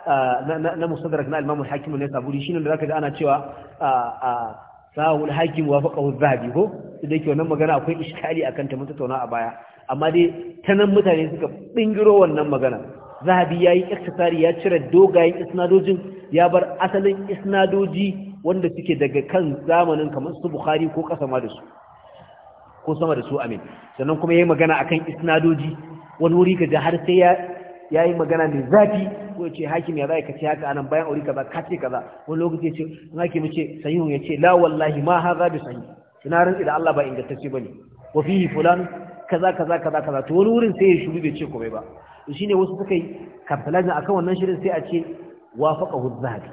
ah, na mustadrak na al-imam al-hakim ne saburi shine da zaka ga ana cewa ah, ah, sahul hakim wa faqa zahabi ko da yake wannan magana akwai iskali akan ta mun tattauna a baya amma dai tanan mutane suka bingiro wannan magana zahabi yayi iktisari ya cire dogayen isnadojin ya bar asalin isnadoji wanda suke daga kan zamanin kamar su bukhari ko kasama da su ko sama da su amin sannan kuma yayi magana akan isnadoji wani wuri kaje har sai ya ya yi magana mai zafi ko ce hakim ya zai ka ce haka anan bayan aure kaza ka ce kaza wani lokaci ce in hakim ce sahihun ya ce la wallahi ma haza bi sahih kina rantsi da Allah ba ingantacce bane wa fihi fulan kaza kaza kaza kaza to wani wurin sai ya shiru bai ce komai ba to shine wasu suka yi kamfalajin akan wannan shirin sai a ce wafaqa zahabi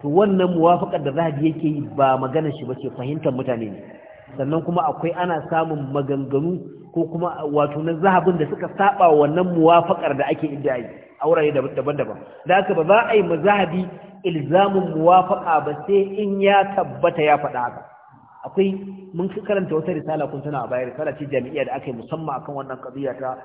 to wannan muwafaqar da zahabi yake yi ba magana shi bace fahimtar mutane ne sannan kuma akwai ana samun maganganu ko kuma wato na zahabin da suka saba wannan muwafakar da ake idda yi a wurare daban-daban da haka ba za a yi mazahabi ilzamin muwafaƙa ba sai in ya tabbata ya faɗa haka akwai mun karanta wata risala kun tana a risala ce jami'a da aka yi musamman akan wannan qadiya ta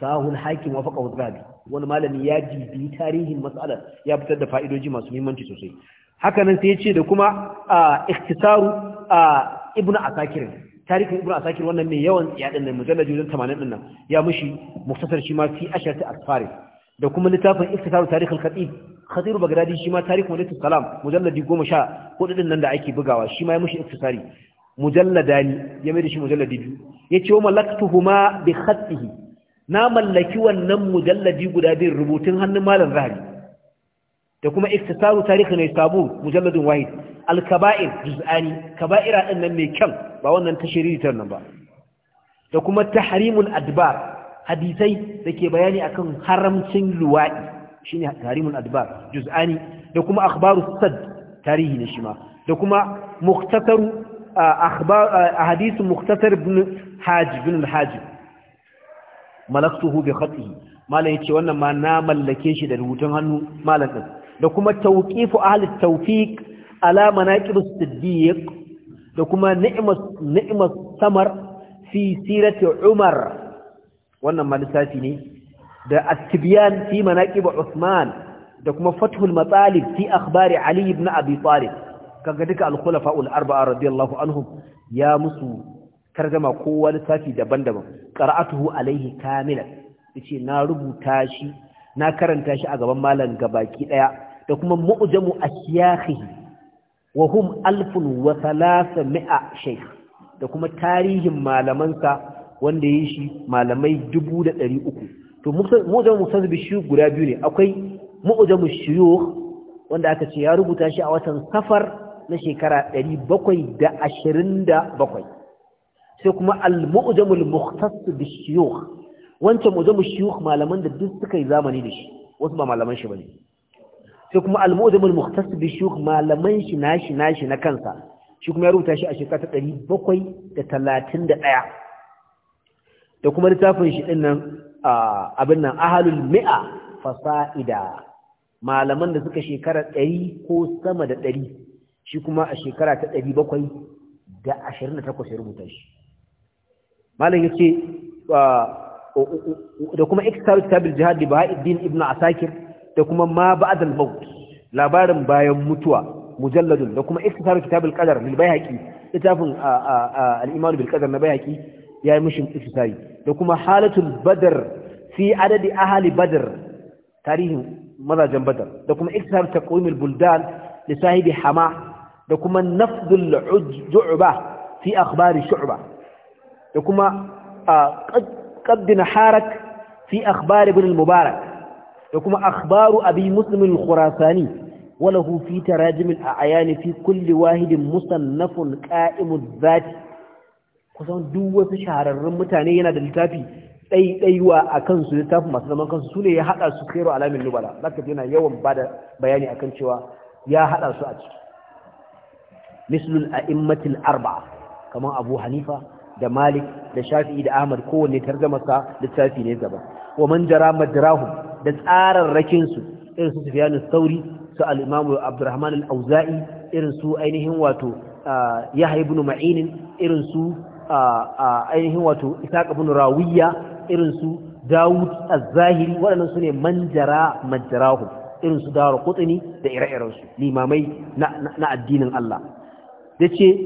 sahul hakim wafaka zahabi. wani malami ya jibi tarihin matsalar ya fitar da fa'idoji masu muhimmanci sosai haka nan sai ya ce da kuma a ikhtisaru a ibnu asakir tarihin ibnu asakir wannan ne yawan yadin nan mujallad 80 din nan ya mushi muftasar shi ma fi asharati asfari da kuma littafin iftisaru tarikh al-khatib khatib bagdadi shi ma tarikh walatul salam mujalladi 14 din nan da ake bugawa shi ma ya mushi iftisari mujalladani ya mai da shi mujalladi biyu yace wa malaktuhuma bi khatihi na mallaki wannan mujalladi guda biyu rubutun hannun malam zahiri da kuma iktisaru tarihi ne sabu mujalladin wahid alkaba'ir juz'ani kaba'ira din nan mai kyan ba wannan tashiritar nan ba da kuma tahrimul adbar hadisai da ke bayani akan haramcin luwadi shine tahrimul adbar juz'ani da kuma akhbaru sad tarihi ne shima. da kuma mukhtasaru akhbar ahadith mukhtasar ibn hajj ibn al-hajj malaktuhu bi khatihi malan yace wannan ma na mallake shi da rubutun hannu malan din da kuma tawqifu ahli tawfiq ala manaqib as-siddiq da kuma ni'mat ni'mat samar fi sirati umar wannan malisafi ne da at-tibyan fi manaqib usman da kuma fathul matalib fi akhbari ali ibn abi talib kaga duka al-khulafa arbaa radiyallahu anhum ya musu kargama kowa lissafi daban-daban qara'atuhu alayhi kamilan yace na rubuta shi na karanta shi a gaban malam gabaki daya da kuma mu'jamu asyahihi wa hum alfun wa thalatha mi'a shaykh da kuma tarihin malamansa wanda yayi shi malamai 300 to mu'jamu musazzib shi guda biyu ne akwai mu'jamu shuyukh wanda aka ce ya rubuta shi a watan safar na shekara 727 sai kuma al-mu'jamul mukhtas bi shuyukh wancan mu'jamu shuyukh malaman da duk suka yi zamani da shi wasu ba malaman shi ba ne. sai kuma al muzamul muhtas bi shuyukh malaman shi nashi nashi na kansa shi kuma ya rubuta shi a shekara ta 731 da kuma littafin shi din nan abin nan ahalul mi'a fasa'ida malaman da suka shekara 100 ko sama da 100 shi kuma a shekara ta 728 da ya rubuta shi malam yace da kuma iktar kitabil jihad li bahaiddin ibn asakir da kuma ma ba'd al maut labarin bayan mutuwa mujalladun da kuma iktar kitabil qadar lil bayhaqi litafin al iman bil qadar na bayhaqi yayi mishin iktisari da kuma halatul badr fi adadi ahli badr tarihin mazajan badar da kuma iktar taqwimul buldan li sahibi hama da kuma nafdul ju'ba fi akhbari shu'ba da kuma قد نحارك في أخبار ابن المبارك وكما أخبار أبي مسلم الخراساني وله في تراجم الأعيان في كل واحد مصنف قائم الذات kusan duk wasu shahararrun mutane yana da littafi ɗaiɗaiwa a kansu littafin masu zaman kansu su ne ya haɗa su kero alamin nubala za ka yana yawan ba da bayani akan cewa ya haɗa su a ciki mislul immatin arba'a kamar abu hanifa da malik da shafi'i da ahmad kowanne tarjamasa littafi ne gaba wa man jara madrahum da tsararrakin su irin su sufyan sauri su al-imam abdurrahman al-auza'i irin su ainihin wato yahya ibn ma'in irin su ainihin wato isaq ibn rawiya irin su dawud az-zahiri waɗannan sune man jara madrahum irin su daru qutni da ire-iren su limamai na addinin Allah yace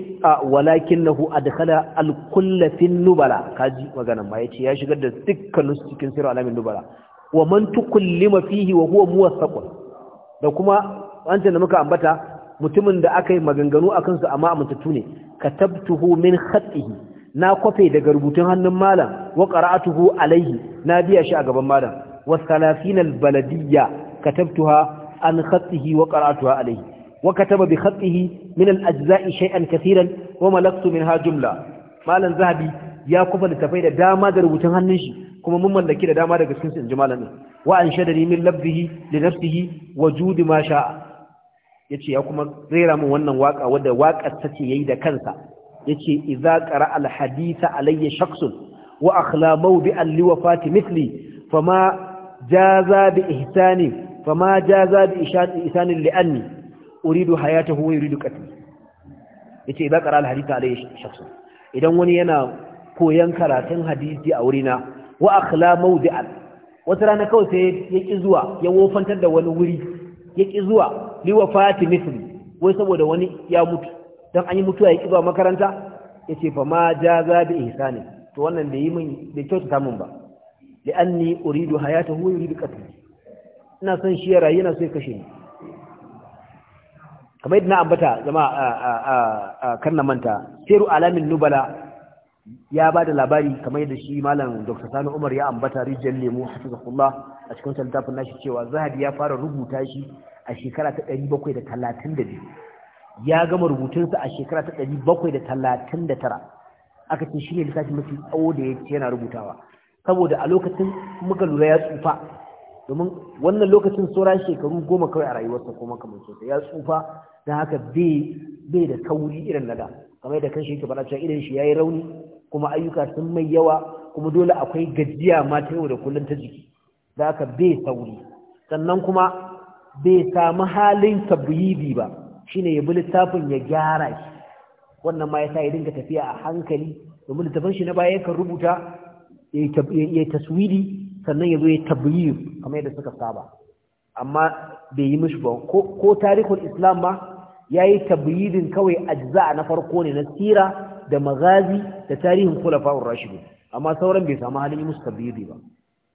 walakinahu adkhala al-kull fi nubala kaji maganan ma ce ya shigar da dukkan su cikin sirr alamin nubala wa man tukallima wa huwa muwaffaq da kuma wancan da muka ambata mutumin da aka yi maganganu a kansu a amintattu ne katabtuhu min hatsihi. na kwafe daga rubutun hannun malam wa qara'atuhu alaihi. na biya shi a gaban malam wa salafin al-baladiyya katabtuha an khatihi wa qara'atuha alaihi. وكتب بخطه من الأجزاء شيئا كثيرا وملكت منها جملة مالا ذهبي يا كفا لتفايد داما دروتن هنش كما ممن لكي داما دكسكنس انجمالا وأنشدني من لبذه لنفسه وجود ما شاء yace ya kuma rera min wannan waka wadda wakar ta ce yayi da kansa yace idza qara al haditha alayya Shaksun wa akhlamu bi al wafati mithli fama jaza uridu hayatahu wa yuridu qatli yace idan qara al-hadith alayhi shakhs idan wani yana koyan karatun hadisi a wurina wa akhla mawdi'an wata rana kawai sai ya ki zuwa ya wofantar da wani wuri ya ki zuwa li wafati mithli wai saboda wani ya mutu dan an yi mutuwa ya ki zuwa makaranta yace fa ma jaza bi ihsani to wannan bai yi min da kyautata min ba anni uridu hayatahu wa yuridu qatli ina son shi ya rayu yana so ya kashe ni kamar yadda na ambata zama a karna manta siru alamin nubala ya ba da labari kama yadda shi malam dr sani umar ya ambata rijiyar lemu hafizahullah a cikin wancan littafin nashi cewa zahadi ya fara rubuta shi a shekara ta ɗari ya gama rubutunsa a shekara ta ɗari bakwai da talatin aka ce shi ne lissafin mafi tsawo da ya ce yana rubutawa saboda a lokacin muka lura ya tsufa domin wannan lokacin sauran shekaru goma kawai a rayuwarsa ko sosai ya tsufa da haka bai da kauri irin na da kamar yadda kan shi yake faɗa cewa irin shi ya yi rauni kuma ayyuka sun mai yawa kuma dole akwai gajiya ma ta yau da kullum ta jiki da haka bai sauri sannan kuma bai samu halin tabbibi ba shine ya bi littafin ya gyara shi wannan ma ya sa ya dinga tafiya a hankali domin littafin shi na baya yakan rubuta ya yi taswiri sannan ya zo ya tabbiyi kamar yadda suka saba amma bai yi mishi ba ko tarihul islam ma ya yi din kawai ajza na farko ne na sira da magazi da tarihin kulafa'ur rashidu amma sauran bai samu halin yi musu tabyidi ba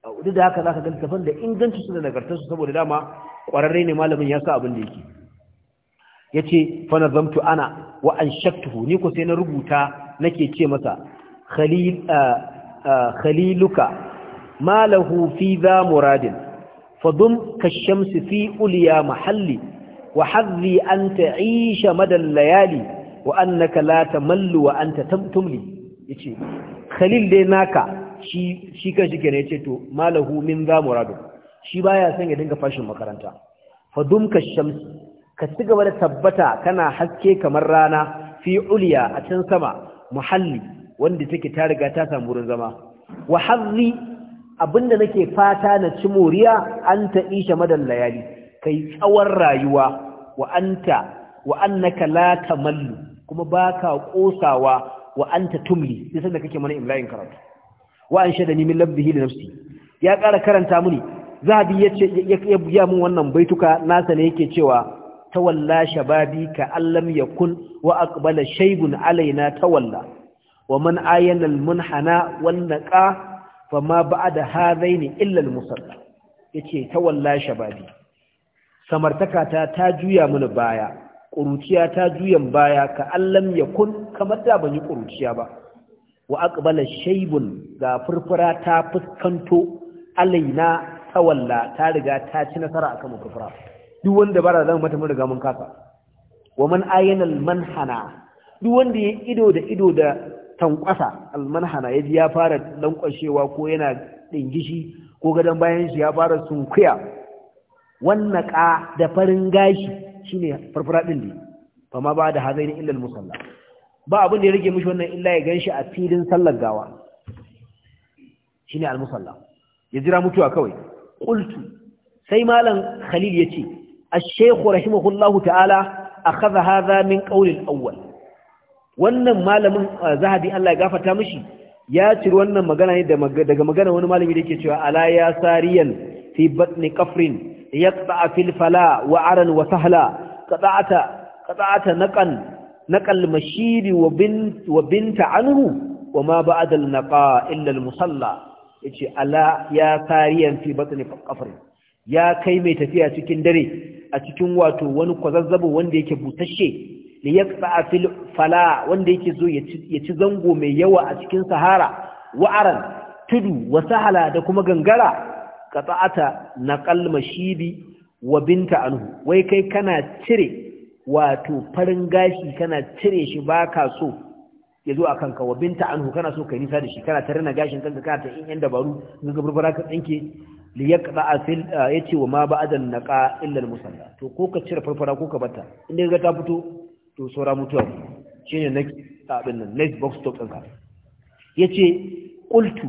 A duk da haka zaka gani tafan da inganci su da nagartarsu su saboda dama kwararre ne malamin ya sa abin da yake ce fa zamtu ana wa An-Shak shaktuhu ni ko sai na rubuta nake ce masa eh, eh, khaliluka ma lahu fi za muradin fadum kashamsi fi uliya mahalli wa hazzi an ta'isha madan layali wa annaka la tamallu wa anta tamtumli yace khalil dai naka shi shi kanshi kenan yace to malahu min za muradin shi baya son ya dinga fashin makaranta fadum kashamsi ka ci gaba da tabbata kana haske kamar rana fi uliya a can sama muhalli wanda take ta riga ta samu wurin zama wa hazzi abinda nake fata na ci moriya an ta isha madan layali kai tsawon rayuwa wa anta wa annaka la tamallu kuma baka kosawa wa anta tumli sai da kake mana imlayin karatu wa an shada ni min labdihi li nafsi ya ƙara karanta muni zahabi yace ya buya mun wannan baituka nasa ne yake cewa tawalla shababi ka allam yakun wa aqbala shaybun alaina tawalla wa man ayana al munhana wan naqa fa ma ba'da hadaini illa al-musalla yace ta wallahi babi. samartaka ta ta juya mini baya kuruciya ta juyan baya ka allam kun kamar da ban yi kuruciya ba wa aqbala shaybun ga furfura ta fuskanto alaina ta walla ta riga ta ci nasara akan furfura duk wanda bara zan mata mun riga mun kasa wa man ayyana manhana duk wanda ya ido da ido da tankwasa almanhana ya ji ya fara lankwashewa ko yana ɗingishi ko gadon bayan shi ya fara sunkuya wannan ka da farin gashi shine farfara ne fa ma ba da hazaini illa musalla ba abin da ya rage mishi wannan illa ya ganshi a filin sallar gawa shine al-musalla ya jira mutuwa kawai qultu sai malam khalil yace ash-shaykh rahimahullahu ta'ala akhadha hadha min qawl al-awwal wannan malamin zahabi Allah ya gafata mishi ya ciri wannan magana ne daga magana wani malami da ke cewa ala ya sariyan fi batni kafrin yaqta fil fala wa aran wa sahla qata'ata qata'ata naqan naqal mashiri wa bint wa binta anhu wa ma ba'da al naqa illa al musalla yace ala ya sariyan fi batni kafrin ya kai mai tafiya cikin dare a cikin wato wani kwazazzabo wanda yake butashe liyaqta fil fala wanda yake zo ya ci zango mai yawa a cikin sahara wa'aran tudu wa sahala da kuma gangara qata'ata naqal mashibi wa binta anhu wai kai kana cire wato farin gashi kana cire shi baka so ya zo a kanka wa binta anhu kana so kai nisa da shi kana tarina gashin kanka kana ta in yan dabaru ga burbura ka tsinke li yaqda fil yace wa ma ba'da naqa illa al musalla to ko ka cire farfara ko ka bata inda ga ta fito to saura mutuwa shine next nan next box stop ɗinka yace kultu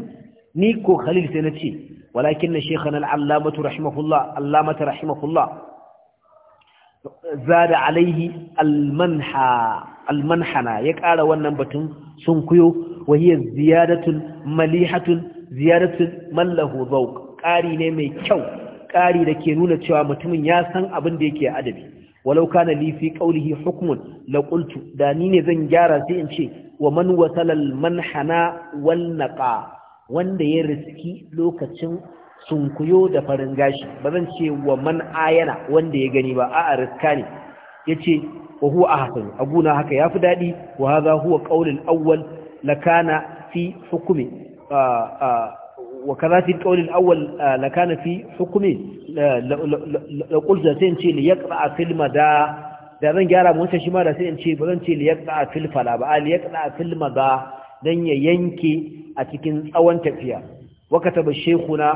ni ko khalil sai ce. walakin na al-allamatu rahimahullah allamatu rahimahullah zada alaihi almanhana ya ƙara wannan batun sun kuyo wahiyar ziyadatun malihatun ziyadatun mallahu zauk ƙari ne mai kyau ƙari da ke nuna cewa mutumin ya san abin da yake adabi walau kana li fi qawlihi hukmun la da ni ne zan gyara sai in ce wa man wasala al manhana wal naqa wanda ya riski lokacin sunkuyo da farin gashi ba zan ce wa man ayana wanda ya gani ba a'a riska ne yace wa huwa ahsan aguna haka yafi dadi wa hadha huwa qawl al awwal lakana kana fi hukmi وكذا في القول الأول لكان في حكمه لقلت سينتي ليقرأ في المدى da zan gyara wancan shi ma da sai in ce ba zan ce li yaqta fil fala ba al yaqta a madha dan ya yanke a cikin tsawon tafiya wa kataba shaykhuna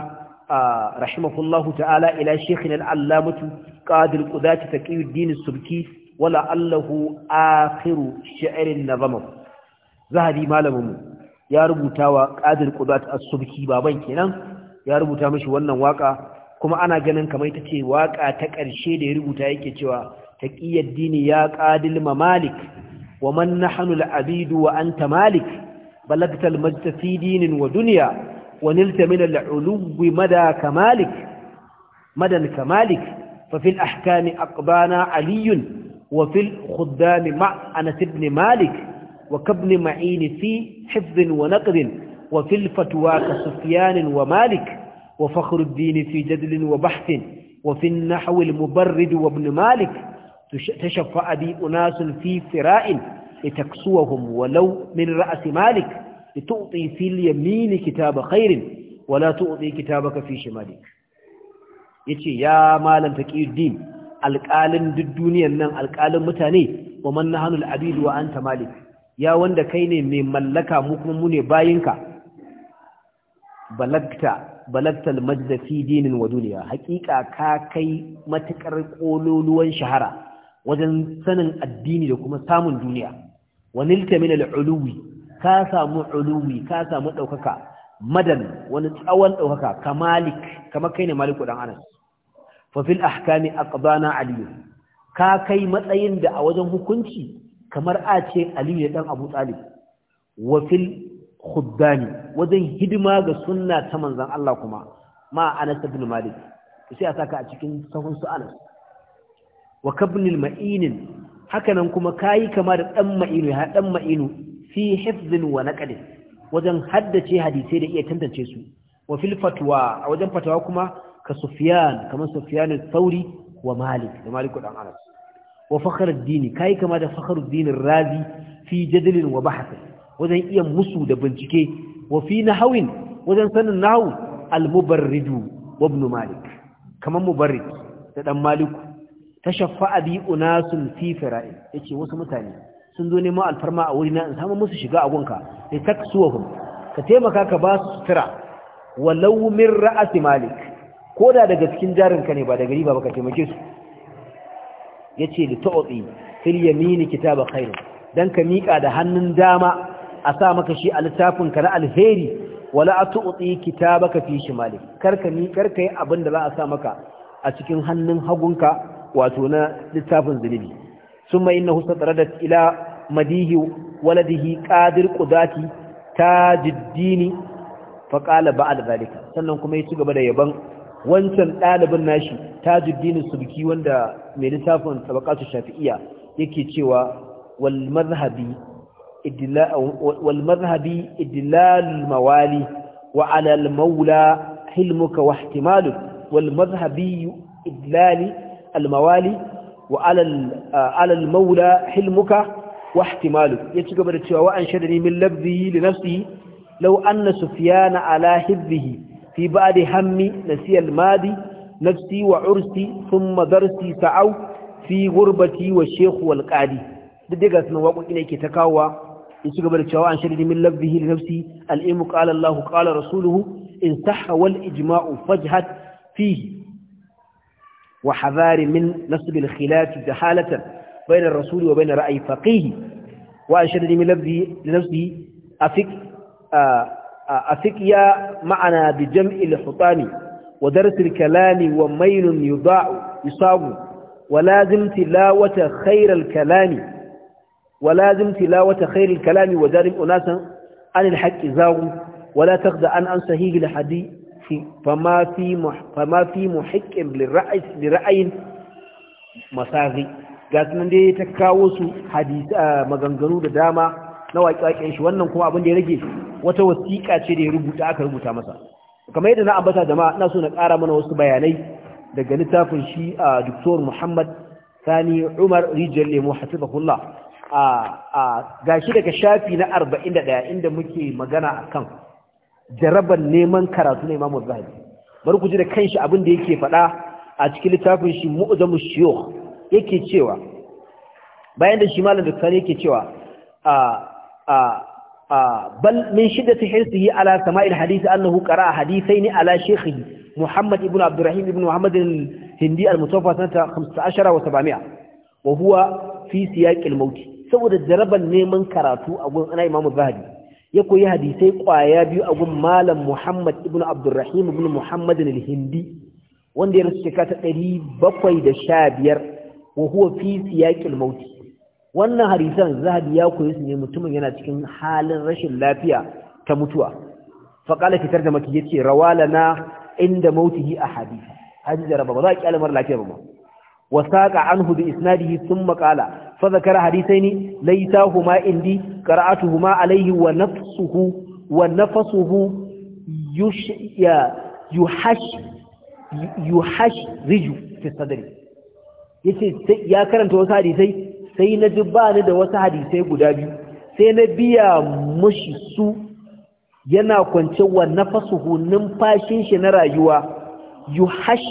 rahimahullahu ta'ala ila shaykhina al-allamatu qadir qudati taqiyuddin subki wala allahu akhiru sha'rin nazam zahabi mu. ya rubuta wa qadir qudat as baban kenan ya rubuta mashi wannan waka kuma ana ganin kamar ita ce waka ta ƙarshe da ya rubuta yake cewa taqiyyad dini ya qadil mamalik wa man nahnu al-abidu wa anta malik balagta al-majd fi dinin wa dunya wa nilta min al-ulwi mada kamalik madan kamalik fa fil ahkami aqbana aliyun wa fil khuddami ma ibn malik وكابن معين في حفظ ونقد وفي الفتوى كسفيان ومالك وفخر الدين في جدل وبحث وفي النحو المبرد وابن مالك تشفع بي أناس في فراء لتكسوهم ولو من رأس مالك لتعطي في اليمين كتاب خير ولا تعطي كتابك في شمالك يتي يا مالا تكي الدين alƙalin بالدنيا duniyar nan alƙalin mutane wa man nahanu al'abid ya wanda kai ne mai mallaka mu kuma mu ne bayinka balagta balagtal majda fi dinin wa duniya haƙiƙa ka kai matakar kololuwan shahara wajen sanin addini da kuma samun duniya Wani nilta min al-uluwi ka samu uluwi ka samu ɗaukaka madan wani tsawon ɗaukaka ka malik kamar kai ne maliku dan anas fa fil ahkami aqdana Aliyu. ka kai matsayin da a wajen hukunci kamar a ce aliyu ya ɗan abu talib wa khuddani wajen hidima ga sunna ta manzan Allah kuma ma Anas ibn Malik sai a saka a cikin sahun su Anas wa kabnil ma'inin hakanan kuma kayi kama da dan ma'inu ha ɗan ma'inu fi hifzin wa naqd wajen haddace hadisai da iya tantance su wa fil fatwa a wajen fatawa kuma ka Sufyan kamar Sufyan al-Thawri wa Malik da Malik dan Anas wa fakhruddin kai kama da fakhruddin razi fi jadlin wa bahth wajen iya musu da bincike Wafi fi nahwin wajen sanin nahwu al-mubarridu wa ibn malik kaman Mubarri da dan maliku tashaffa'a bi unasun fi fira'i yace wasu mutane sun zo neman alfarma a wurina in samu musu shiga a gunka sai taksuwahum ka taimaka ka ba su sutura walau ra'asi malik koda daga cikin jarinka ne ba daga riba ba ka taimake su yace li tu'ti fil mini kitaba khair dan ka miƙa da hannun dama a sa maka shi a littafin ka na alheri wala kitaba ka fi shimalik karka ni karka yi abin da za a sa maka a cikin hannun hagunka wato na littafin zunubi husa innahu da ila madihi waladihi qadir qudati tajiddini faqala ba'al zalika sannan kuma ya ci gaba da yaban wancan ɗalibin nashi tajuddin subki wanda mai littafin tabaqatu shafi'iyya yake cewa wal madhhabi idla idlal mawali wa ala al mawla hilmuka wa ihtimalu wal madhhabi idlali al mawali wa ala al al mawla hilmuka wa ihtimalu yace gaba da cewa wa an shadani min labdihi li nafsihi law anna sufyana ala hibbihi في بعد همي نسي الماضي نفسي وعرسي ثم درسي سعو في غربتي والشيخ والقادي duk ga sunan waƙoƙi ne ke ta kawowa in ci gaba da cewa an shirya min labbihi li nafsi al-ilmu qala Allah qala rasuluhu in sahha wal ijma'u fajhad fihi wa hadhari min nasb al-khilaf jahalatan bayna ar-rasul wa bayna wa an min أفقيا معنا بجمع الحطام ودرس الكلام وميل يضاع يصاب ولازم تلاوة خير الكلام ولازم تلاوة خير الكلام ودارب أناسا عن الحق زاغ ولا تخدع أن عن صحيح الحديث فما في مح فما في محق للرأي لرأي مساغي قاسم دي تكاوسو حديث آه مغنغنو داما na waƙe-waƙen shi wannan kuma abin da ya rage wata wasiƙa ce da ya rubuta aka rubuta masa kamar yadda na ambata jama'a ina so na ƙara mana wasu bayanai daga littafin shi a Dr. Muhammad Sani Umar Rijal Lemo Hasibahullah a gashi daga shafi na 41 inda muke magana kan jarabar neman karatu na Imam Zahabi bari ku ji da kanshi abin da yake faɗa a cikin littafin shi Mu'jamu Shuyukh yake cewa bayan da shi malam Dr. yake cewa a بل من شدة حرصه على سماع الحديث أنه قرأ حديثين على شيخه محمد بن عبد الرحيم بن محمد الهندي المتوفى سنة 15 و700 وهو في سياق الموت saboda jaraban neman karatu a gun ana imamu ya koyi hadisai kwaya biyu a gun malam muhammad ibn abdurrahim ibn muhammad al-hindi wanda ya rasu shekara ta 715 wa huwa fi siyaqil mauti wannan hadisan zahabi ya koyi su ne mutumin yana cikin halin rashin lafiya ta mutuwa faƙala fitar da maki yace rawala na inda mautihi a hadisi hadisi jaraba ba za a kyale mara lafiya ba ma wa saqa anhu bi isnadihi thumma qala fa zakara hadithaini laytahuma indi qara'atuhuma alayhi wa nafsuhu wa nafsuhu yuhash yuhash riju fi yace ya karanta wasu hadisai sai na ji ba ni da wasu hadisai guda biyu sai na biya mushi su yana kwance wa nafasuhu numfashin shi na rayuwa Yu yuhash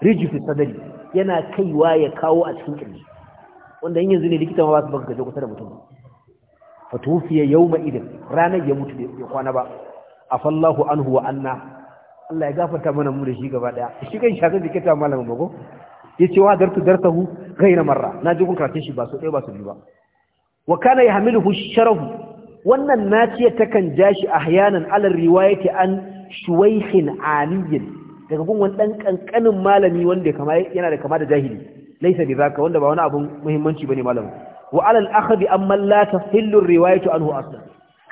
rijifi sadari yana kaiwa ya kawo a cikin kirji wanda yanzu ne likita ma ba su baka gaje kusa da mutum fa tufiya yawma idin ranar ya mutu ya kwana ba A fallahu anhu wa anna Allah ya gafarta mana mu da shi gaba ɗaya shi kan shafi zikita malamin bago yace wa dartu darsahu ghayra marra naji kun karatun shi ba so ɗaya ba su biyu ba wa kana yahmiluhu sharahu wannan naciya takan jashi ahyanan alal riwayati an shuwaykhin aliyin daga gun wani ɗan ƙanƙanin malami wanda kama yana da kama da jahili laysa bi zaka wanda ba wani abun muhimmanci ba ne malamin wa alal akhdhi amma la tahillu riwayatu anhu aslan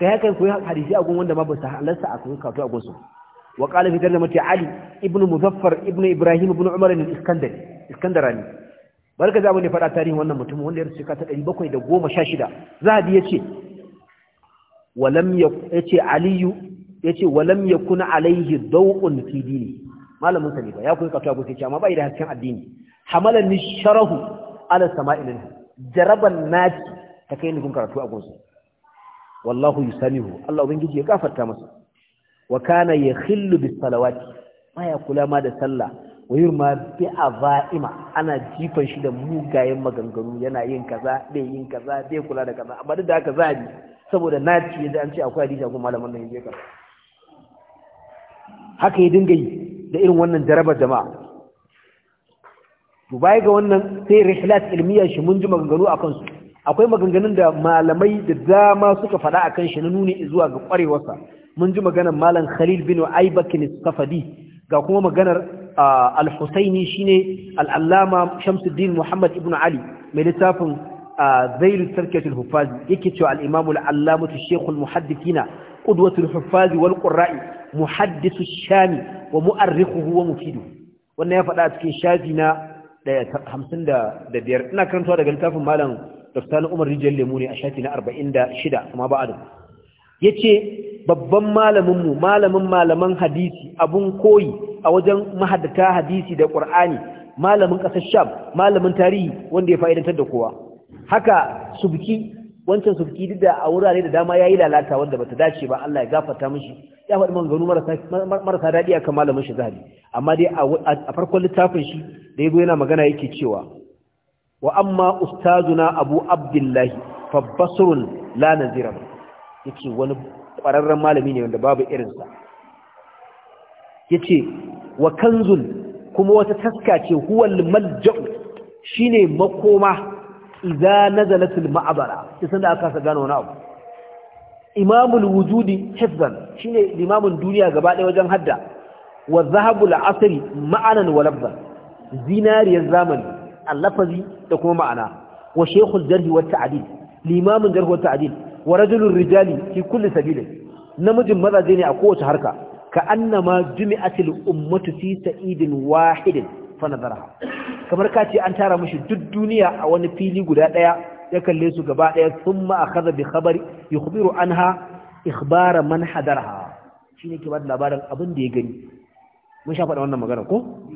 kai hakan ku hadisi a gun wanda ma ba sa halarsa a kun kato a gun wa qala fi tarjamati ali ibn muzaffar ibn ibrahim ibn umar al-iskandari iskandarani barka zamu ne fada tarihin wannan mutum wanda ya rasu shekara ta 716 zahabi yace walam yace aliyu yace walam yakuna alaihi dau'un fi ne. malamin sa ne ba ya koyi katuwa ko sai amma bai da hasken addini hamalan ni sharahu ala sama'ilin jaraban nati ta kai ni gun karatu a gunsa wallahu samihu. Allah ubangiji ya kafarta masa wa kana yakhillu bis salawati baya kula ma da sallah wayur ma bi azaima ana jifan shi da mugayen maganganu yana yin kaza bai yin kaza bai kula da kaza amma duk da haka zabi saboda ci da an ce akwai hadisi akwai malaman nan yake kaza haka ya dinga yi da irin wannan jarabar jama'a bai ga wannan sai rihlat ilmiya shi mun ji maganganu a kansu akwai maganganun da malamai da dama suka faɗa a kan shi na nuni zuwa ga ƙwarewarsa mun ji maganar malam khalil bin aibakin safadi ga kuma maganar al-husaini shine al-allama shamsuddin muhammad ibn ali mai littafin zairu tarkatul huffaz yake cewa al-imamu al-allamatu shekul muhaddithina qudwatul huffaz wal qurra'i shami wa mu'arrikhuhu wa mufidu wannan ya faɗa a cikin shafi na 55 ina karantawa daga littafin malam Dr. Umar Rijal Lemu ne a shafi na 46 kuma ba adam yace babban malaminmu malamin malaman hadisi abun koyi a wajen mahaddata hadisi da ƙur'ani malamin ƙasar sham malamin tarihi wanda ya fa'idantar da kowa haka subki wancan subki duk da a wurare da dama ya yi lalata wanda bata dace ba Allah ya gafarta mishi ya faɗi gano marasa daɗi akan malamin shi zahabi amma dai a farkon littafin shi da ya yana magana yake cewa wa amma ustazuna abu abdullahi fa la nazira yake wani ƙwararren malami ne wanda babu irinsa ya ce wa kanzun kuma wata taska ce huwal malja'u shi ne makoma idan nazalatul ma'abara isan da aka sa gano wani abu imamul wujudi hifzan shi ne limamin duniya gaba ɗaya wajen hadda wa zahabul asiri ma'anan walabban zinariyar zamani allafazi da kuma ma'ana wa shekul jarhi wata ta'adil limamin jarhi wata ta'adil wa rajulun rijali fi kulli sabili namijin mazaje ne a kowace harka ka annama jumi'atil ummatu fi sa'idin wahidin fa nazaraha kamar kace an tara mushi duk duniya a wani fili guda daya ya kalle su gaba daya thumma akhadha bi khabari yukhbiru anha ikhbara man hadaraha shine ke ba labarin abin da ya gani mun sha faɗa wannan magana ko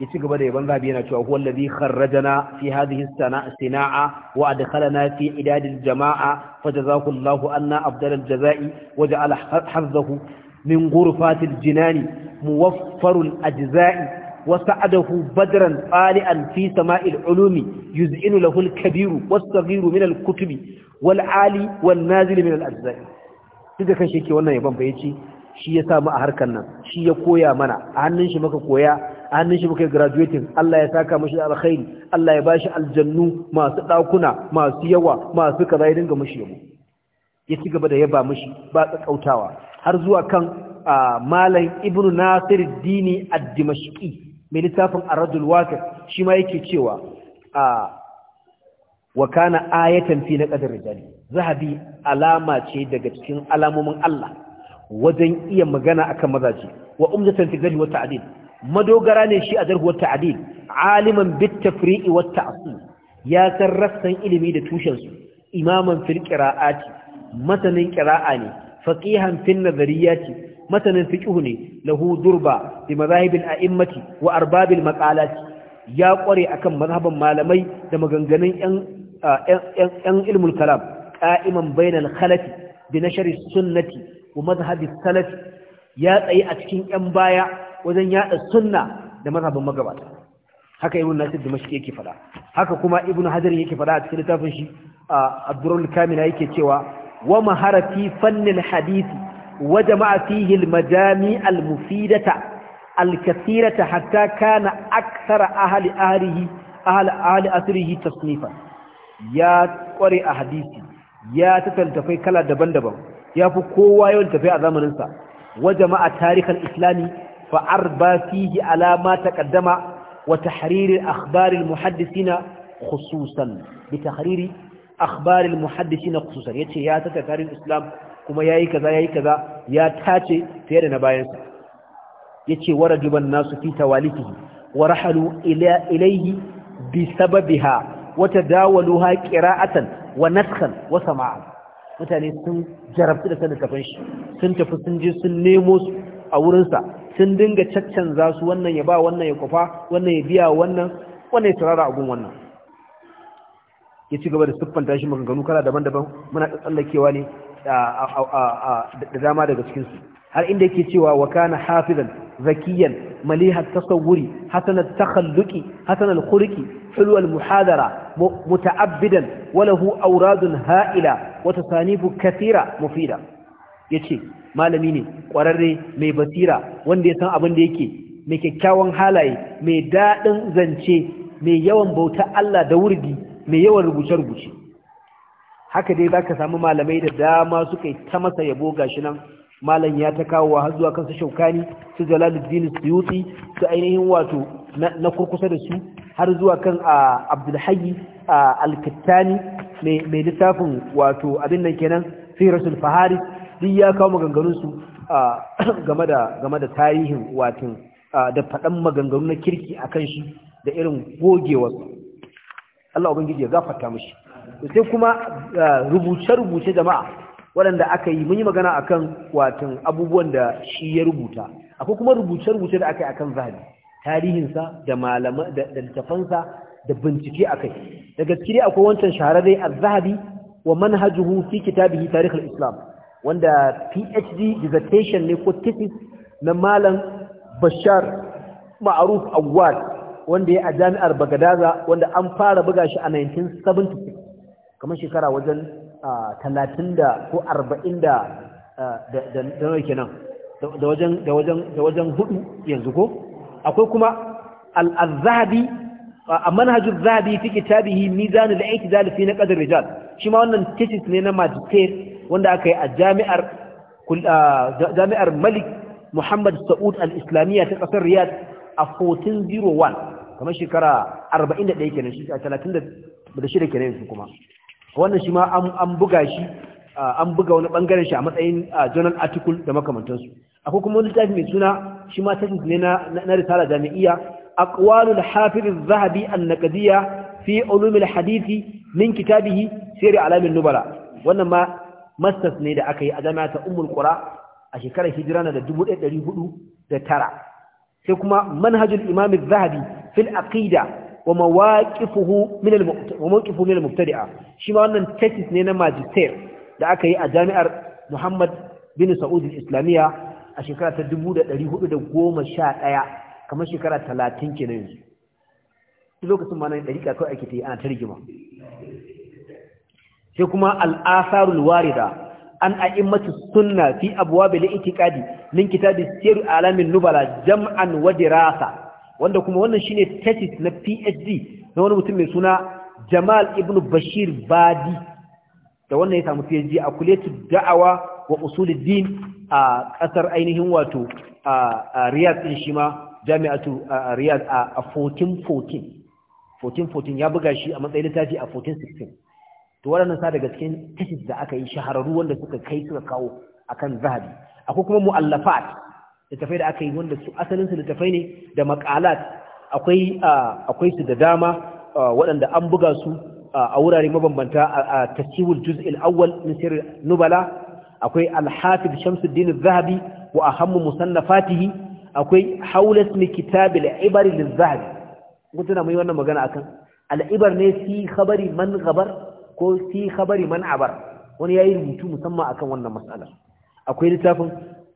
ya ci gaba da yaban zabi yana cewa huwa allazi kharrajana fi hadhihi sana'a wa adkhalana fi idadil jama'a fajazahu Allahu anna abdalal jazai wa ja'ala hazzahu min ghurfatil jinani muwaffarul ajza'i wa sa'adahu badran tali'an fi sama'il ulumi yuz'inu lahu al-kabiru was-saghiru min al-kutubi wal-ali wan-nazil min al-ajza'i duka kan shi ke wannan yaban fa yace shi ya samu a harkan nan shi ya koya mana a hannun shi muka koya a hannun shi muka graduating Allah ya saka mushi da alkhairi Allah ya bashi aljannu masu dakuna masu yawa masu kaza ya dinga mushi yabo ya ci gaba da yaba mashi, ba tsakautawa har zuwa kan malam ibnu nasir dini ad-dimashqi mai littafin ar-rajul shi ma yake cewa wa kana ayatan fi naqdir rijali zahabi alama ce daga cikin alamomin Allah wajen iya magana akan mazaje wa umdatan fi zali wa ta'dil madogara ne shi a jarhuwar ta'adil aliman bit tafri'i wa ta'assu ya san rassan ilimi da tushen su imaman fil qira'ati masanin qira'a ne faqihan fil nazariyati masanin fiqh ne lahu durba bi mazahibil a'immati wa arbabil maqalati ya kware akan mazhaban malamai da maganganun yan yan ilmul kalam qa'iman bainal Khalafi, bi nashri sunnati wa madhhabi salafi ya tsaye a cikin yan baya wajen yada sunna da mazhabin magabata haka ibn nasir dimashqi yake fada haka kuma Ibnu hajar yake fada a cikin littafin shi a abdurrul kamina yake cewa wa maharafi fannin hadisi wa jama'a fihi al-majami al-mufidata al-kathirata hatta kana akthara ahli ahlihi ahli ahli asrihi ya kware a hadisi ya tattafai kala daban-daban ya fi kowa yawan tafi a zamaninsa wa jama'a tarihal islami فأربى فيه على ما تقدم وتحرير أخبار المحدثين خصوصا بتحرير أخبار المحدثين خصوصا يتشي يا تتكاري الإسلام كما ياي كذا ياي كذا يا تاتي فير نباينسا يتشي ورجب الناس في توالته ورحلوا إلى إليه بسببها وتداولوها قراءة ونسخا وسماعا mutane sun jarabtu da sanin kafin shi sun tafi sun je sun nemo su a wurinsa sun dinga caccanza su wannan ya ba wannan ya kwafa wannan ya biya wannan wannan ya turara a wannan ya ci gaba da siffanta shi maganganu kala daban-daban muna tsallakewa ne da dama daga cikinsu har inda yake cewa wa kana hafizan zakiyan malihat tasawwuri hasanat takhalluqi hasanal khuluqi hulwal muhadara muta'abbidan wa lahu awradun ha'ila wa tasanifu kathira mufida yace malami ne ƙwararre mai basira wanda ya san abin da yake mai kyakkyawan halaye mai daɗin zance mai yawan bauta Allah da wurdi mai yawan rubuce-rubuce haka dai zaka samu malamai da dama suka yi ta masa yabo gashi nan malam ya ta kawo har zuwa kansu shaukani su jalaluddin suyuti su ainihin wato na kurkusa da su har zuwa kan a alkittani mai littafin wato abin nan kenan firasul faharis duk ya kawo maganganunsu game da tarihin watin da faɗan maganganu na kirki akan shi da irin gogewar Allah ubangiji ya gafarta mishi sai kuma rubuce-rubuce jama'a waɗanda aka yi mun yi magana akan watin abubuwan da shi ya rubuta akwai kuma rubuce-rubuce da aka yi akan zahabi tarihinsa da malama da littafansa da bincike akai daga cikin akwai wancan shahararrai a zahabi wa manhajuhu fi kitabihi tarikh islam wanda PhD dissertation ne ko thesis na malam Bashar Ma'ruf Awwal wanda ya a jami'ar Bagadaza wanda an fara buga shi a 1976 kamar shekara wajen talatin da ko arba'in da da kenan nan, da wajen da hudu yanzu ko akwai kuma al-Zahabi a manhajul Zahabi fi kitabihi mizan al-i'tidal fi na ar-rijal shi ma wannan thesis ne na magister wanda aka yi a jami'ar jami'ar Malik Muhammad Saud al-Islamiyya ta ƙasar Riyadh a 1401 kamar shekara 41 kenan shi 36 kenan su kuma wannan shi ma an buga shi an buga wani bangaren shi a matsayin journal article da makamantansu akwai kuma wani littafi mai suna shi ma tafi ne na risala jami'iyya aqwalul hafiz az-zahabi an-naqdiyya fi ulum al min kitabihi sir alam an-nubala wannan ma masters ne da aka yi a jami'a ta ummul qura a shekarar hijira na da 1409 sai kuma manhajul imam zahabi fil aqida wa mawaqifuhu min al-mawqifu min al-mubtadi'a shi ma wannan thesis ne na magister da aka yi a jami'ar Muhammad bin Saud al-Islamiyya a shekarar ta 1411 kamar shekarar 30 kenan yanzu lokacin ma nan dariƙa kawai ake ta yi ana ta rigima sai kuma al'asarul warida an a'immatu sunna fi abwab al-i'tiqadi min kitab sir alamin nubala jam'an wa dirasa wanda kuma wannan shine thesis na PhD na wani mutum mai suna Jamal ibn Bashir Badi da wannan ya samu PhD a kulletu da'awa wa usuluddin a kasar ainihin wato a Riyadh din shi ma jami'atu Riyadh a 1414 1414 ya buga shi a matsayin littafi a 1416 to waɗannan sa daga cikin tashis da aka yi shahararru wanda suka kai suka kawo akan zahabi akwai kuma mu'allafat littafai da aka yi wanda su asalin su littafai ne da maqalat akwai akwai su da dama waɗanda an buga su a wurare mabambanta a tasiwul juz'il awwal min sirr nubala akwai al-hafiz shamsuddin az-zahabi wa ahammu musannafatihi akwai hawla ismi kitab al-ibar lil-zahabi mutuna mai wannan magana akan al-ibar ne fi khabari man ghabar ko fi khabari man abar wani yayi rubutu musamman akan wannan mas'ala akwai littafin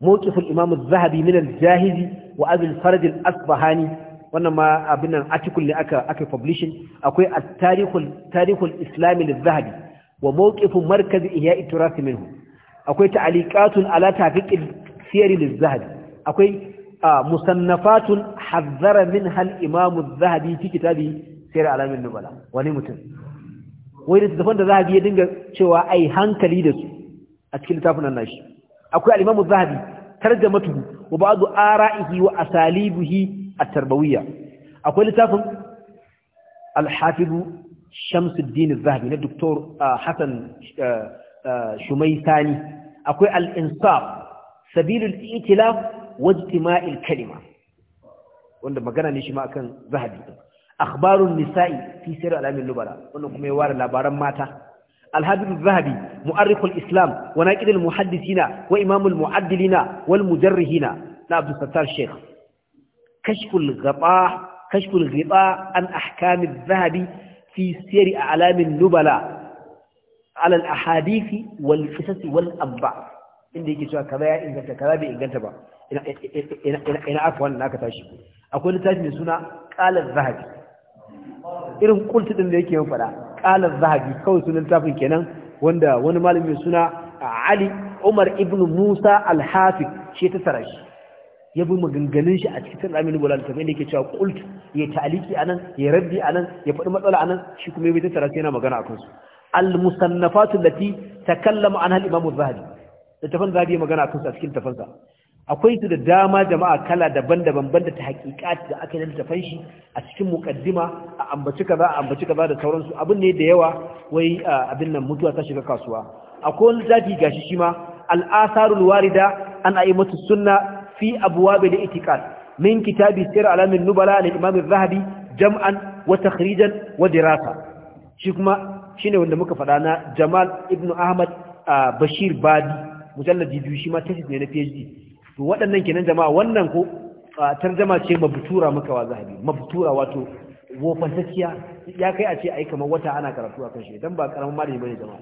mawqiful imam az-zahabi min al-jahizi wa abi al-farj al-asbahani wannan ma abin nan article ne aka aka publishing akwai at-tarikhul tarikhul islami lil-zahabi wa mawqifu markaz ihya turath minhu akwai ta'liqatun ala tahqiq siyar lil-zahabi akwai musannafatun hazzara minha al-imam az-zahabi fi kitabi siyar alamin nubala wani mutum wai littattafan da zahabi ya dinga cewa ai hankali da su a cikin littafin nan nashi akwai al zahabi tarjamatuhu wa ba'du ara'ihi wa asalibihi a tarbawiya. akwai littafin al Shamsuddin zahabi na Dr. Ah, Hassan ah, ah, Shumaitani akwai al-Insaf sabilul itilaf wajtima'il kalima wanda magana ne shi ma akan zahabi akhbarun nisa'i fi sirr alamin nubara wannan kuma ya ware labaran mata الهادي الذهبي مؤرخ الإسلام وناقد المحدثين وإمام Sheikh. والمجرهين لعبد الستار الشيخ an الغطاء كشف الغطاء عن أحكام alamin في سير أعلام النبلاء wal الأحاديث والقصص والأنباء inda yake cewa kaza ya inganta kaza bai inganta ba ina afwan naka tashi akwai littafi mai suna qala az-zahabi irin kulti din da yake yin fada qala zahabi kawai sunan tafin kenan wanda wani malami suna ali umar ibn musa al-hafiz shi ta tsara shi ya bi maganganun shi a cikin ramin bulal kamar yadda yake cewa kult ya ta'aliki anan ya raddi anan ya faɗi matsala anan shi kuma ya bi ta tsara yana magana akan su al-musannafatu allati takallama an hal imam az-zahabi littafin zahabi magana akan su a cikin tafansa akwai su da dama jama'a kala daban-daban banda ta hakikat da aka yi littafan shi a cikin mukaddima a ambaci kaza a ambaci kaza da sauransu abin ne da yawa wai abin nan mutuwa ta shiga kasuwa akwai littafi gashi shi ma al'asarul asarul warida an mata sunna fi abuwabe da itikad min kitabi sir alamin nubala lil imam az-zahabi jam'an wa takhrijan wa dirasa shi kuma shine wanda muka faɗa na Jamal ibn Ahmad Bashir Badi mujalladi biyu shi ma tafi ne na PhD to waɗannan kenan jama'a wannan ko A tarjama ce mabutura muka wa zahabi mabutura wato sakiya. ya kai a ce ai kamar wata ana karatu a kan shi dan ba karamin malami bane jama'a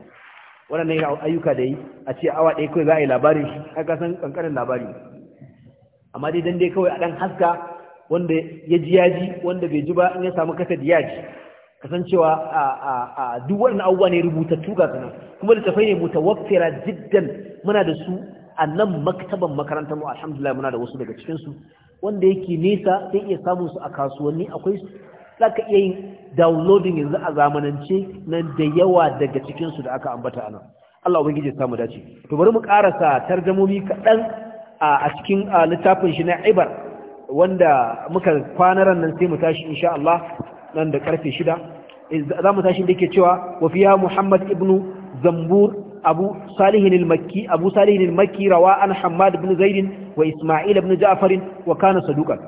waɗannan ayyuka da yi a ce awa ɗaya kawai za a yi labarin shi aka san kankanin labari amma dai dan dai kawai a dan haska wanda ya ji ya ji wanda bai ji ba in ya samu da ya ji kasancewa a duk waɗannan abubuwa ne rubutattu ga sanan kuma tafai ne mutawaffira jiddan muna da su a nan maktaban makarantar mu alhamdulillah muna da wasu daga cikin su wanda yake nesa sai iya samun su a kasuwanni akwai su zaka iya yin downloading yanzu a zamanance nan da yawa daga cikin su da aka ambata anan Allah ubangiji ya samu dace to bari mu karasa tarjamomi kadan a cikin littafin shi na ibar wanda muka kwana nan sai mu tashi insha Allah nan da karfe 6 eh, za mu tashi da yake cewa wa fiya Muhammad ibnu Zambur أبو صالح المكي أبو صالح المكي روى عن حماد بن زيد وإسماعيل بن جعفر وكان صدوقا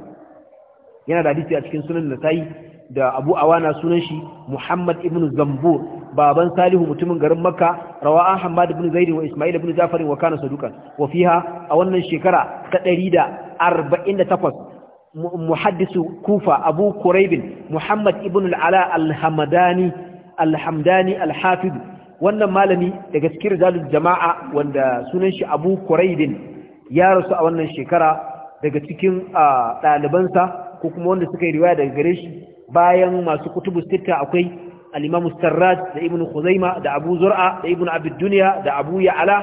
yana da hadisi a cikin sunan Nasa'i da Abu Awana sunan shi Muhammad ibn Zambur baban Salihu mutumin garin Makka rawa Ahmad ibn Zaid wa Ismail ibn Jafar wa kana sadukan wa fiha a wannan shekara ta 148 muhaddisu Kufa Abu Quraib Muhammad ibn al-Ala al-Hamdani al-Hamdani al-Hafid wannan malami daga cikin rijalul jama'a wanda sunan shi abu kuraibin ya rasu a wannan shekara daga cikin ɗalibansa ko kuma wanda suka yi riwaya daga gare shi bayan masu kutubu sita akwai al-imamu da ibn khuzaima da abu zur'a da ibn abid dunya da abu ya'ala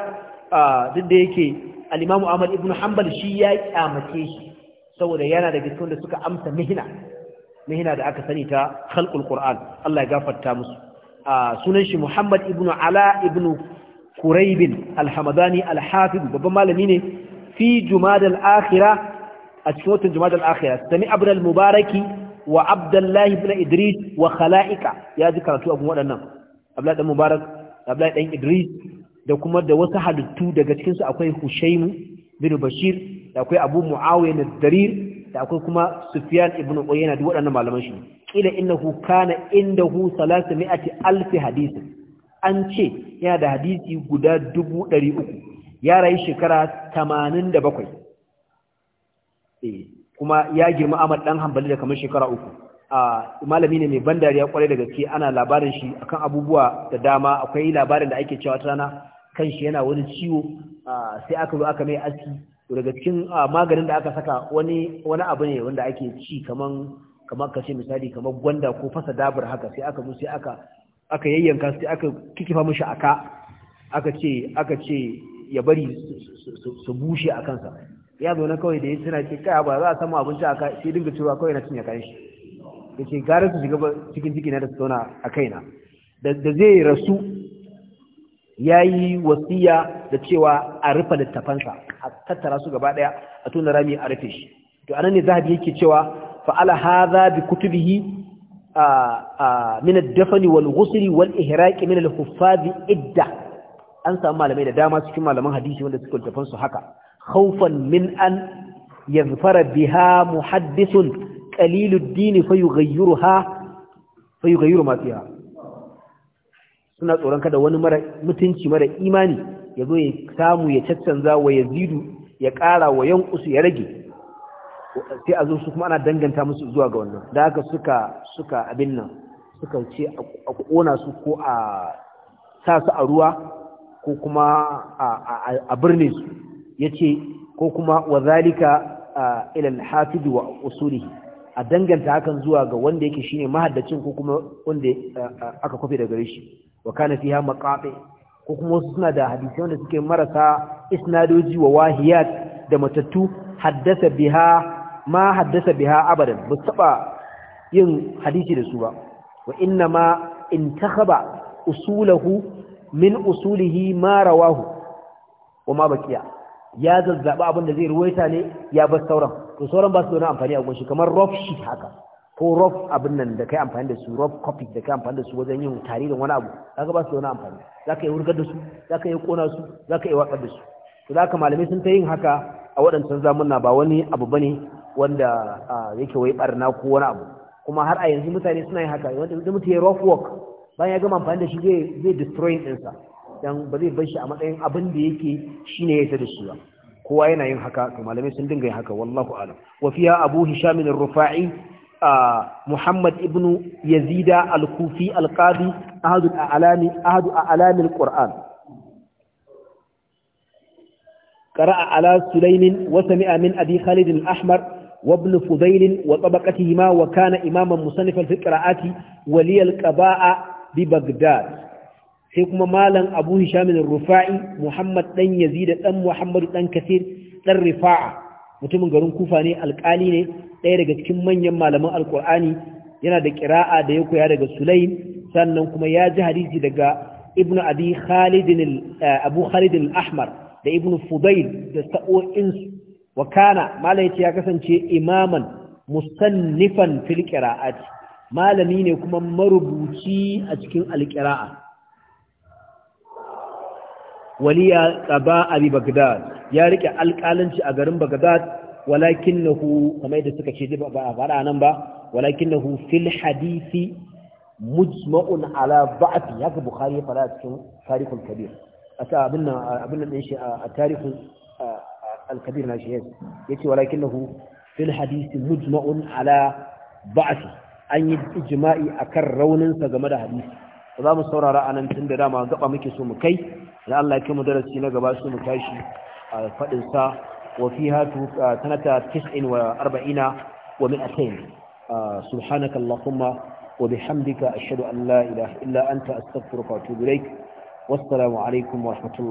duk da yake al-imamu ahmad ibn hanbal shi ya kyamace shi saboda yana daga cikin wanda suka amsa mihina mihina da aka sani ta khalqul qur'an Allah ya gafarta musu sunan shi Muhammad ibn Ala ibn Kuraibin Alhamazani hamadani al babban malami ne fi Jumad al-Akhira a cikin watan Jumad al-Akhira sami Abd al-Mubaraki wa Abdullahi ibn Idris wa Khala'ika ya ji karatu abun waɗannan Abdullahi dan Mubarak Abdullahi dan Idris da kuma da wasu halittu daga cikin su akwai Hushaimu bin Bashir da akwai Abu Muawiya ad-Darir da akwai kuma Sufyan ibn Uyayna duk waɗannan malaman shi kila innahu kana indahu salasu mi'ati alfi hadisi an ce yana da hadisi guda dubu ɗari uku ya rayu shekara tamanin da bakwai eh, kuma ya girma Ahmad ɗan hambali da kamar shekara uku a malami ne mai ban dariya kwarai da gaske ana labarin shi akan abubuwa da dama akwai labarin da ake cewa rana kan shi yana wani ciwo sai aka zo aka mai aski daga cikin maganin da aka saka wani wani abu ne wanda ake ci kaman kamar ka ce misali kamar gwanda ko fasa dabur haka sai aka zo sai aka aka yayyanka sai aka kikifa mishi aka aka ce aka ce ya bari su bushe a kansa ya zo na kawai da ya suna ce kai ba za a samu abinci aka sai dinga cewa kawai na cinye kayan shi ya gara su shiga cikin ciki na da su zauna a kaina da zai rasu ya yi wasiya da cewa a rufe littafansa a tattara su gaba ɗaya a tona rami a rufe shi to anan ne zahabi yake cewa fa'ala hadha bi kutubihi min ad-dafn wal ghusl wal ihraq min al idda an samu malamai da dama cikin malaman hadisi wanda suka tafan su haka khawfan min an yazfara biha muhaddisun qalilud din fayughayyiruha suna tsoron kada wani mara mutunci mara imani ya zo ya samu ya caccanza wa yazidu ya ƙara wa yankusu ya rage sai a zo su kuma ana danganta musu zuwa ga wannan da haka suka suka abin nan suka ce a kona su ko a sa su a ruwa ko kuma a birne su Ya ce ko kuma wa zalika ilal hafidu wa usulihi a danganta hakan zuwa ga wanda yake shine mahaddacin ko kuma wanda aka kwafe daga gare shi wa kana fiha maqati ko kuma wasu suna da hadisi wanda suke marasa isnadoji wa wahiyat da matattu haddasa biha ma haddasa biha abadan ba taba yin hadisi da su ba wa inna ma intakhaba usulahu min usulihi ma rawahu wa ma baqiya ya zazzaba abin da zai ruwaita ne ya bar sauran to sauran ba su da amfani a gunshi kamar rough sheet haka ko rough abin nan da kai amfani da su rough copy da kai amfani da su wajen yin tarihin wani abu kaga ba su da amfani zaka yi wurgar da su zaka yi kona su zaka yi watsar da su to zaka malamai sun ta yin haka a waɗancan zamuna ba wani abu bane wanda yake wai barna ko wani abu kuma har a yanzu mutane suna yin haka wanda mutum ya rough work bayan ya gama amfani da shi zai zai destroy ɗinsa dan ba zai bar shi a matsayin abin da yake shine ya da shi ba kowa yana yin haka to malamai sun dinga yin haka wallahu alam wa fiya abu hisham ar-rufa'i muhammad ibnu yazida al-kufi al-qadi ahadu al-alami ahadu al-alami al-qur'an قرأ على سليم وسمع من أبي خالد الأحمر وابن فضيل وطبقتهما وكان إماما مصنفا في القراءات ولي القباء ببغداد سيكما مالا أبو هشام الرفاعي محمد بن يزيد بن محمد بن كثير بن رفاعة mutumin garin kufa ne alkali ne ɗaya daga cikin manyan malaman alkur'ani yana da kira'a da ya koya daga sulaim sannan kuma ya ji hadisi daga ibn abi khalid abu khalid al-ahmar da ibn fudail da sa'o'in wa kana malai ya kasance imaman musannifan fil qira'at malami ne kuma marubuci a cikin alqira'a waliya qaba abi bagdad ya rike alƙalanci a garin bagdad walakinahu kamar yadda suka ce ba a fara nan ba walakinahu fil hadisi mujma'un ala ba'ati haka bukhari ya fara cikin tarikhul kabir asa abin nan abin shi a tarikhul al-kabir na shi yace walakinahu fil hadisi mujma'un ala ba'si an yi ijma'i akan raunin sa game da hadisi za mu saurara anan tun da dama gaba muke so mu kai da Allah ya kuma darasi na gaba su mu tashi a fadin sa wa fiha sanata 49 wa min atayn subhanaka allahumma wa bihamdika ashhadu an la ilaha illa anta astaghfiruka wa atubu ilaik wassalamu alaikum wa rahmatullah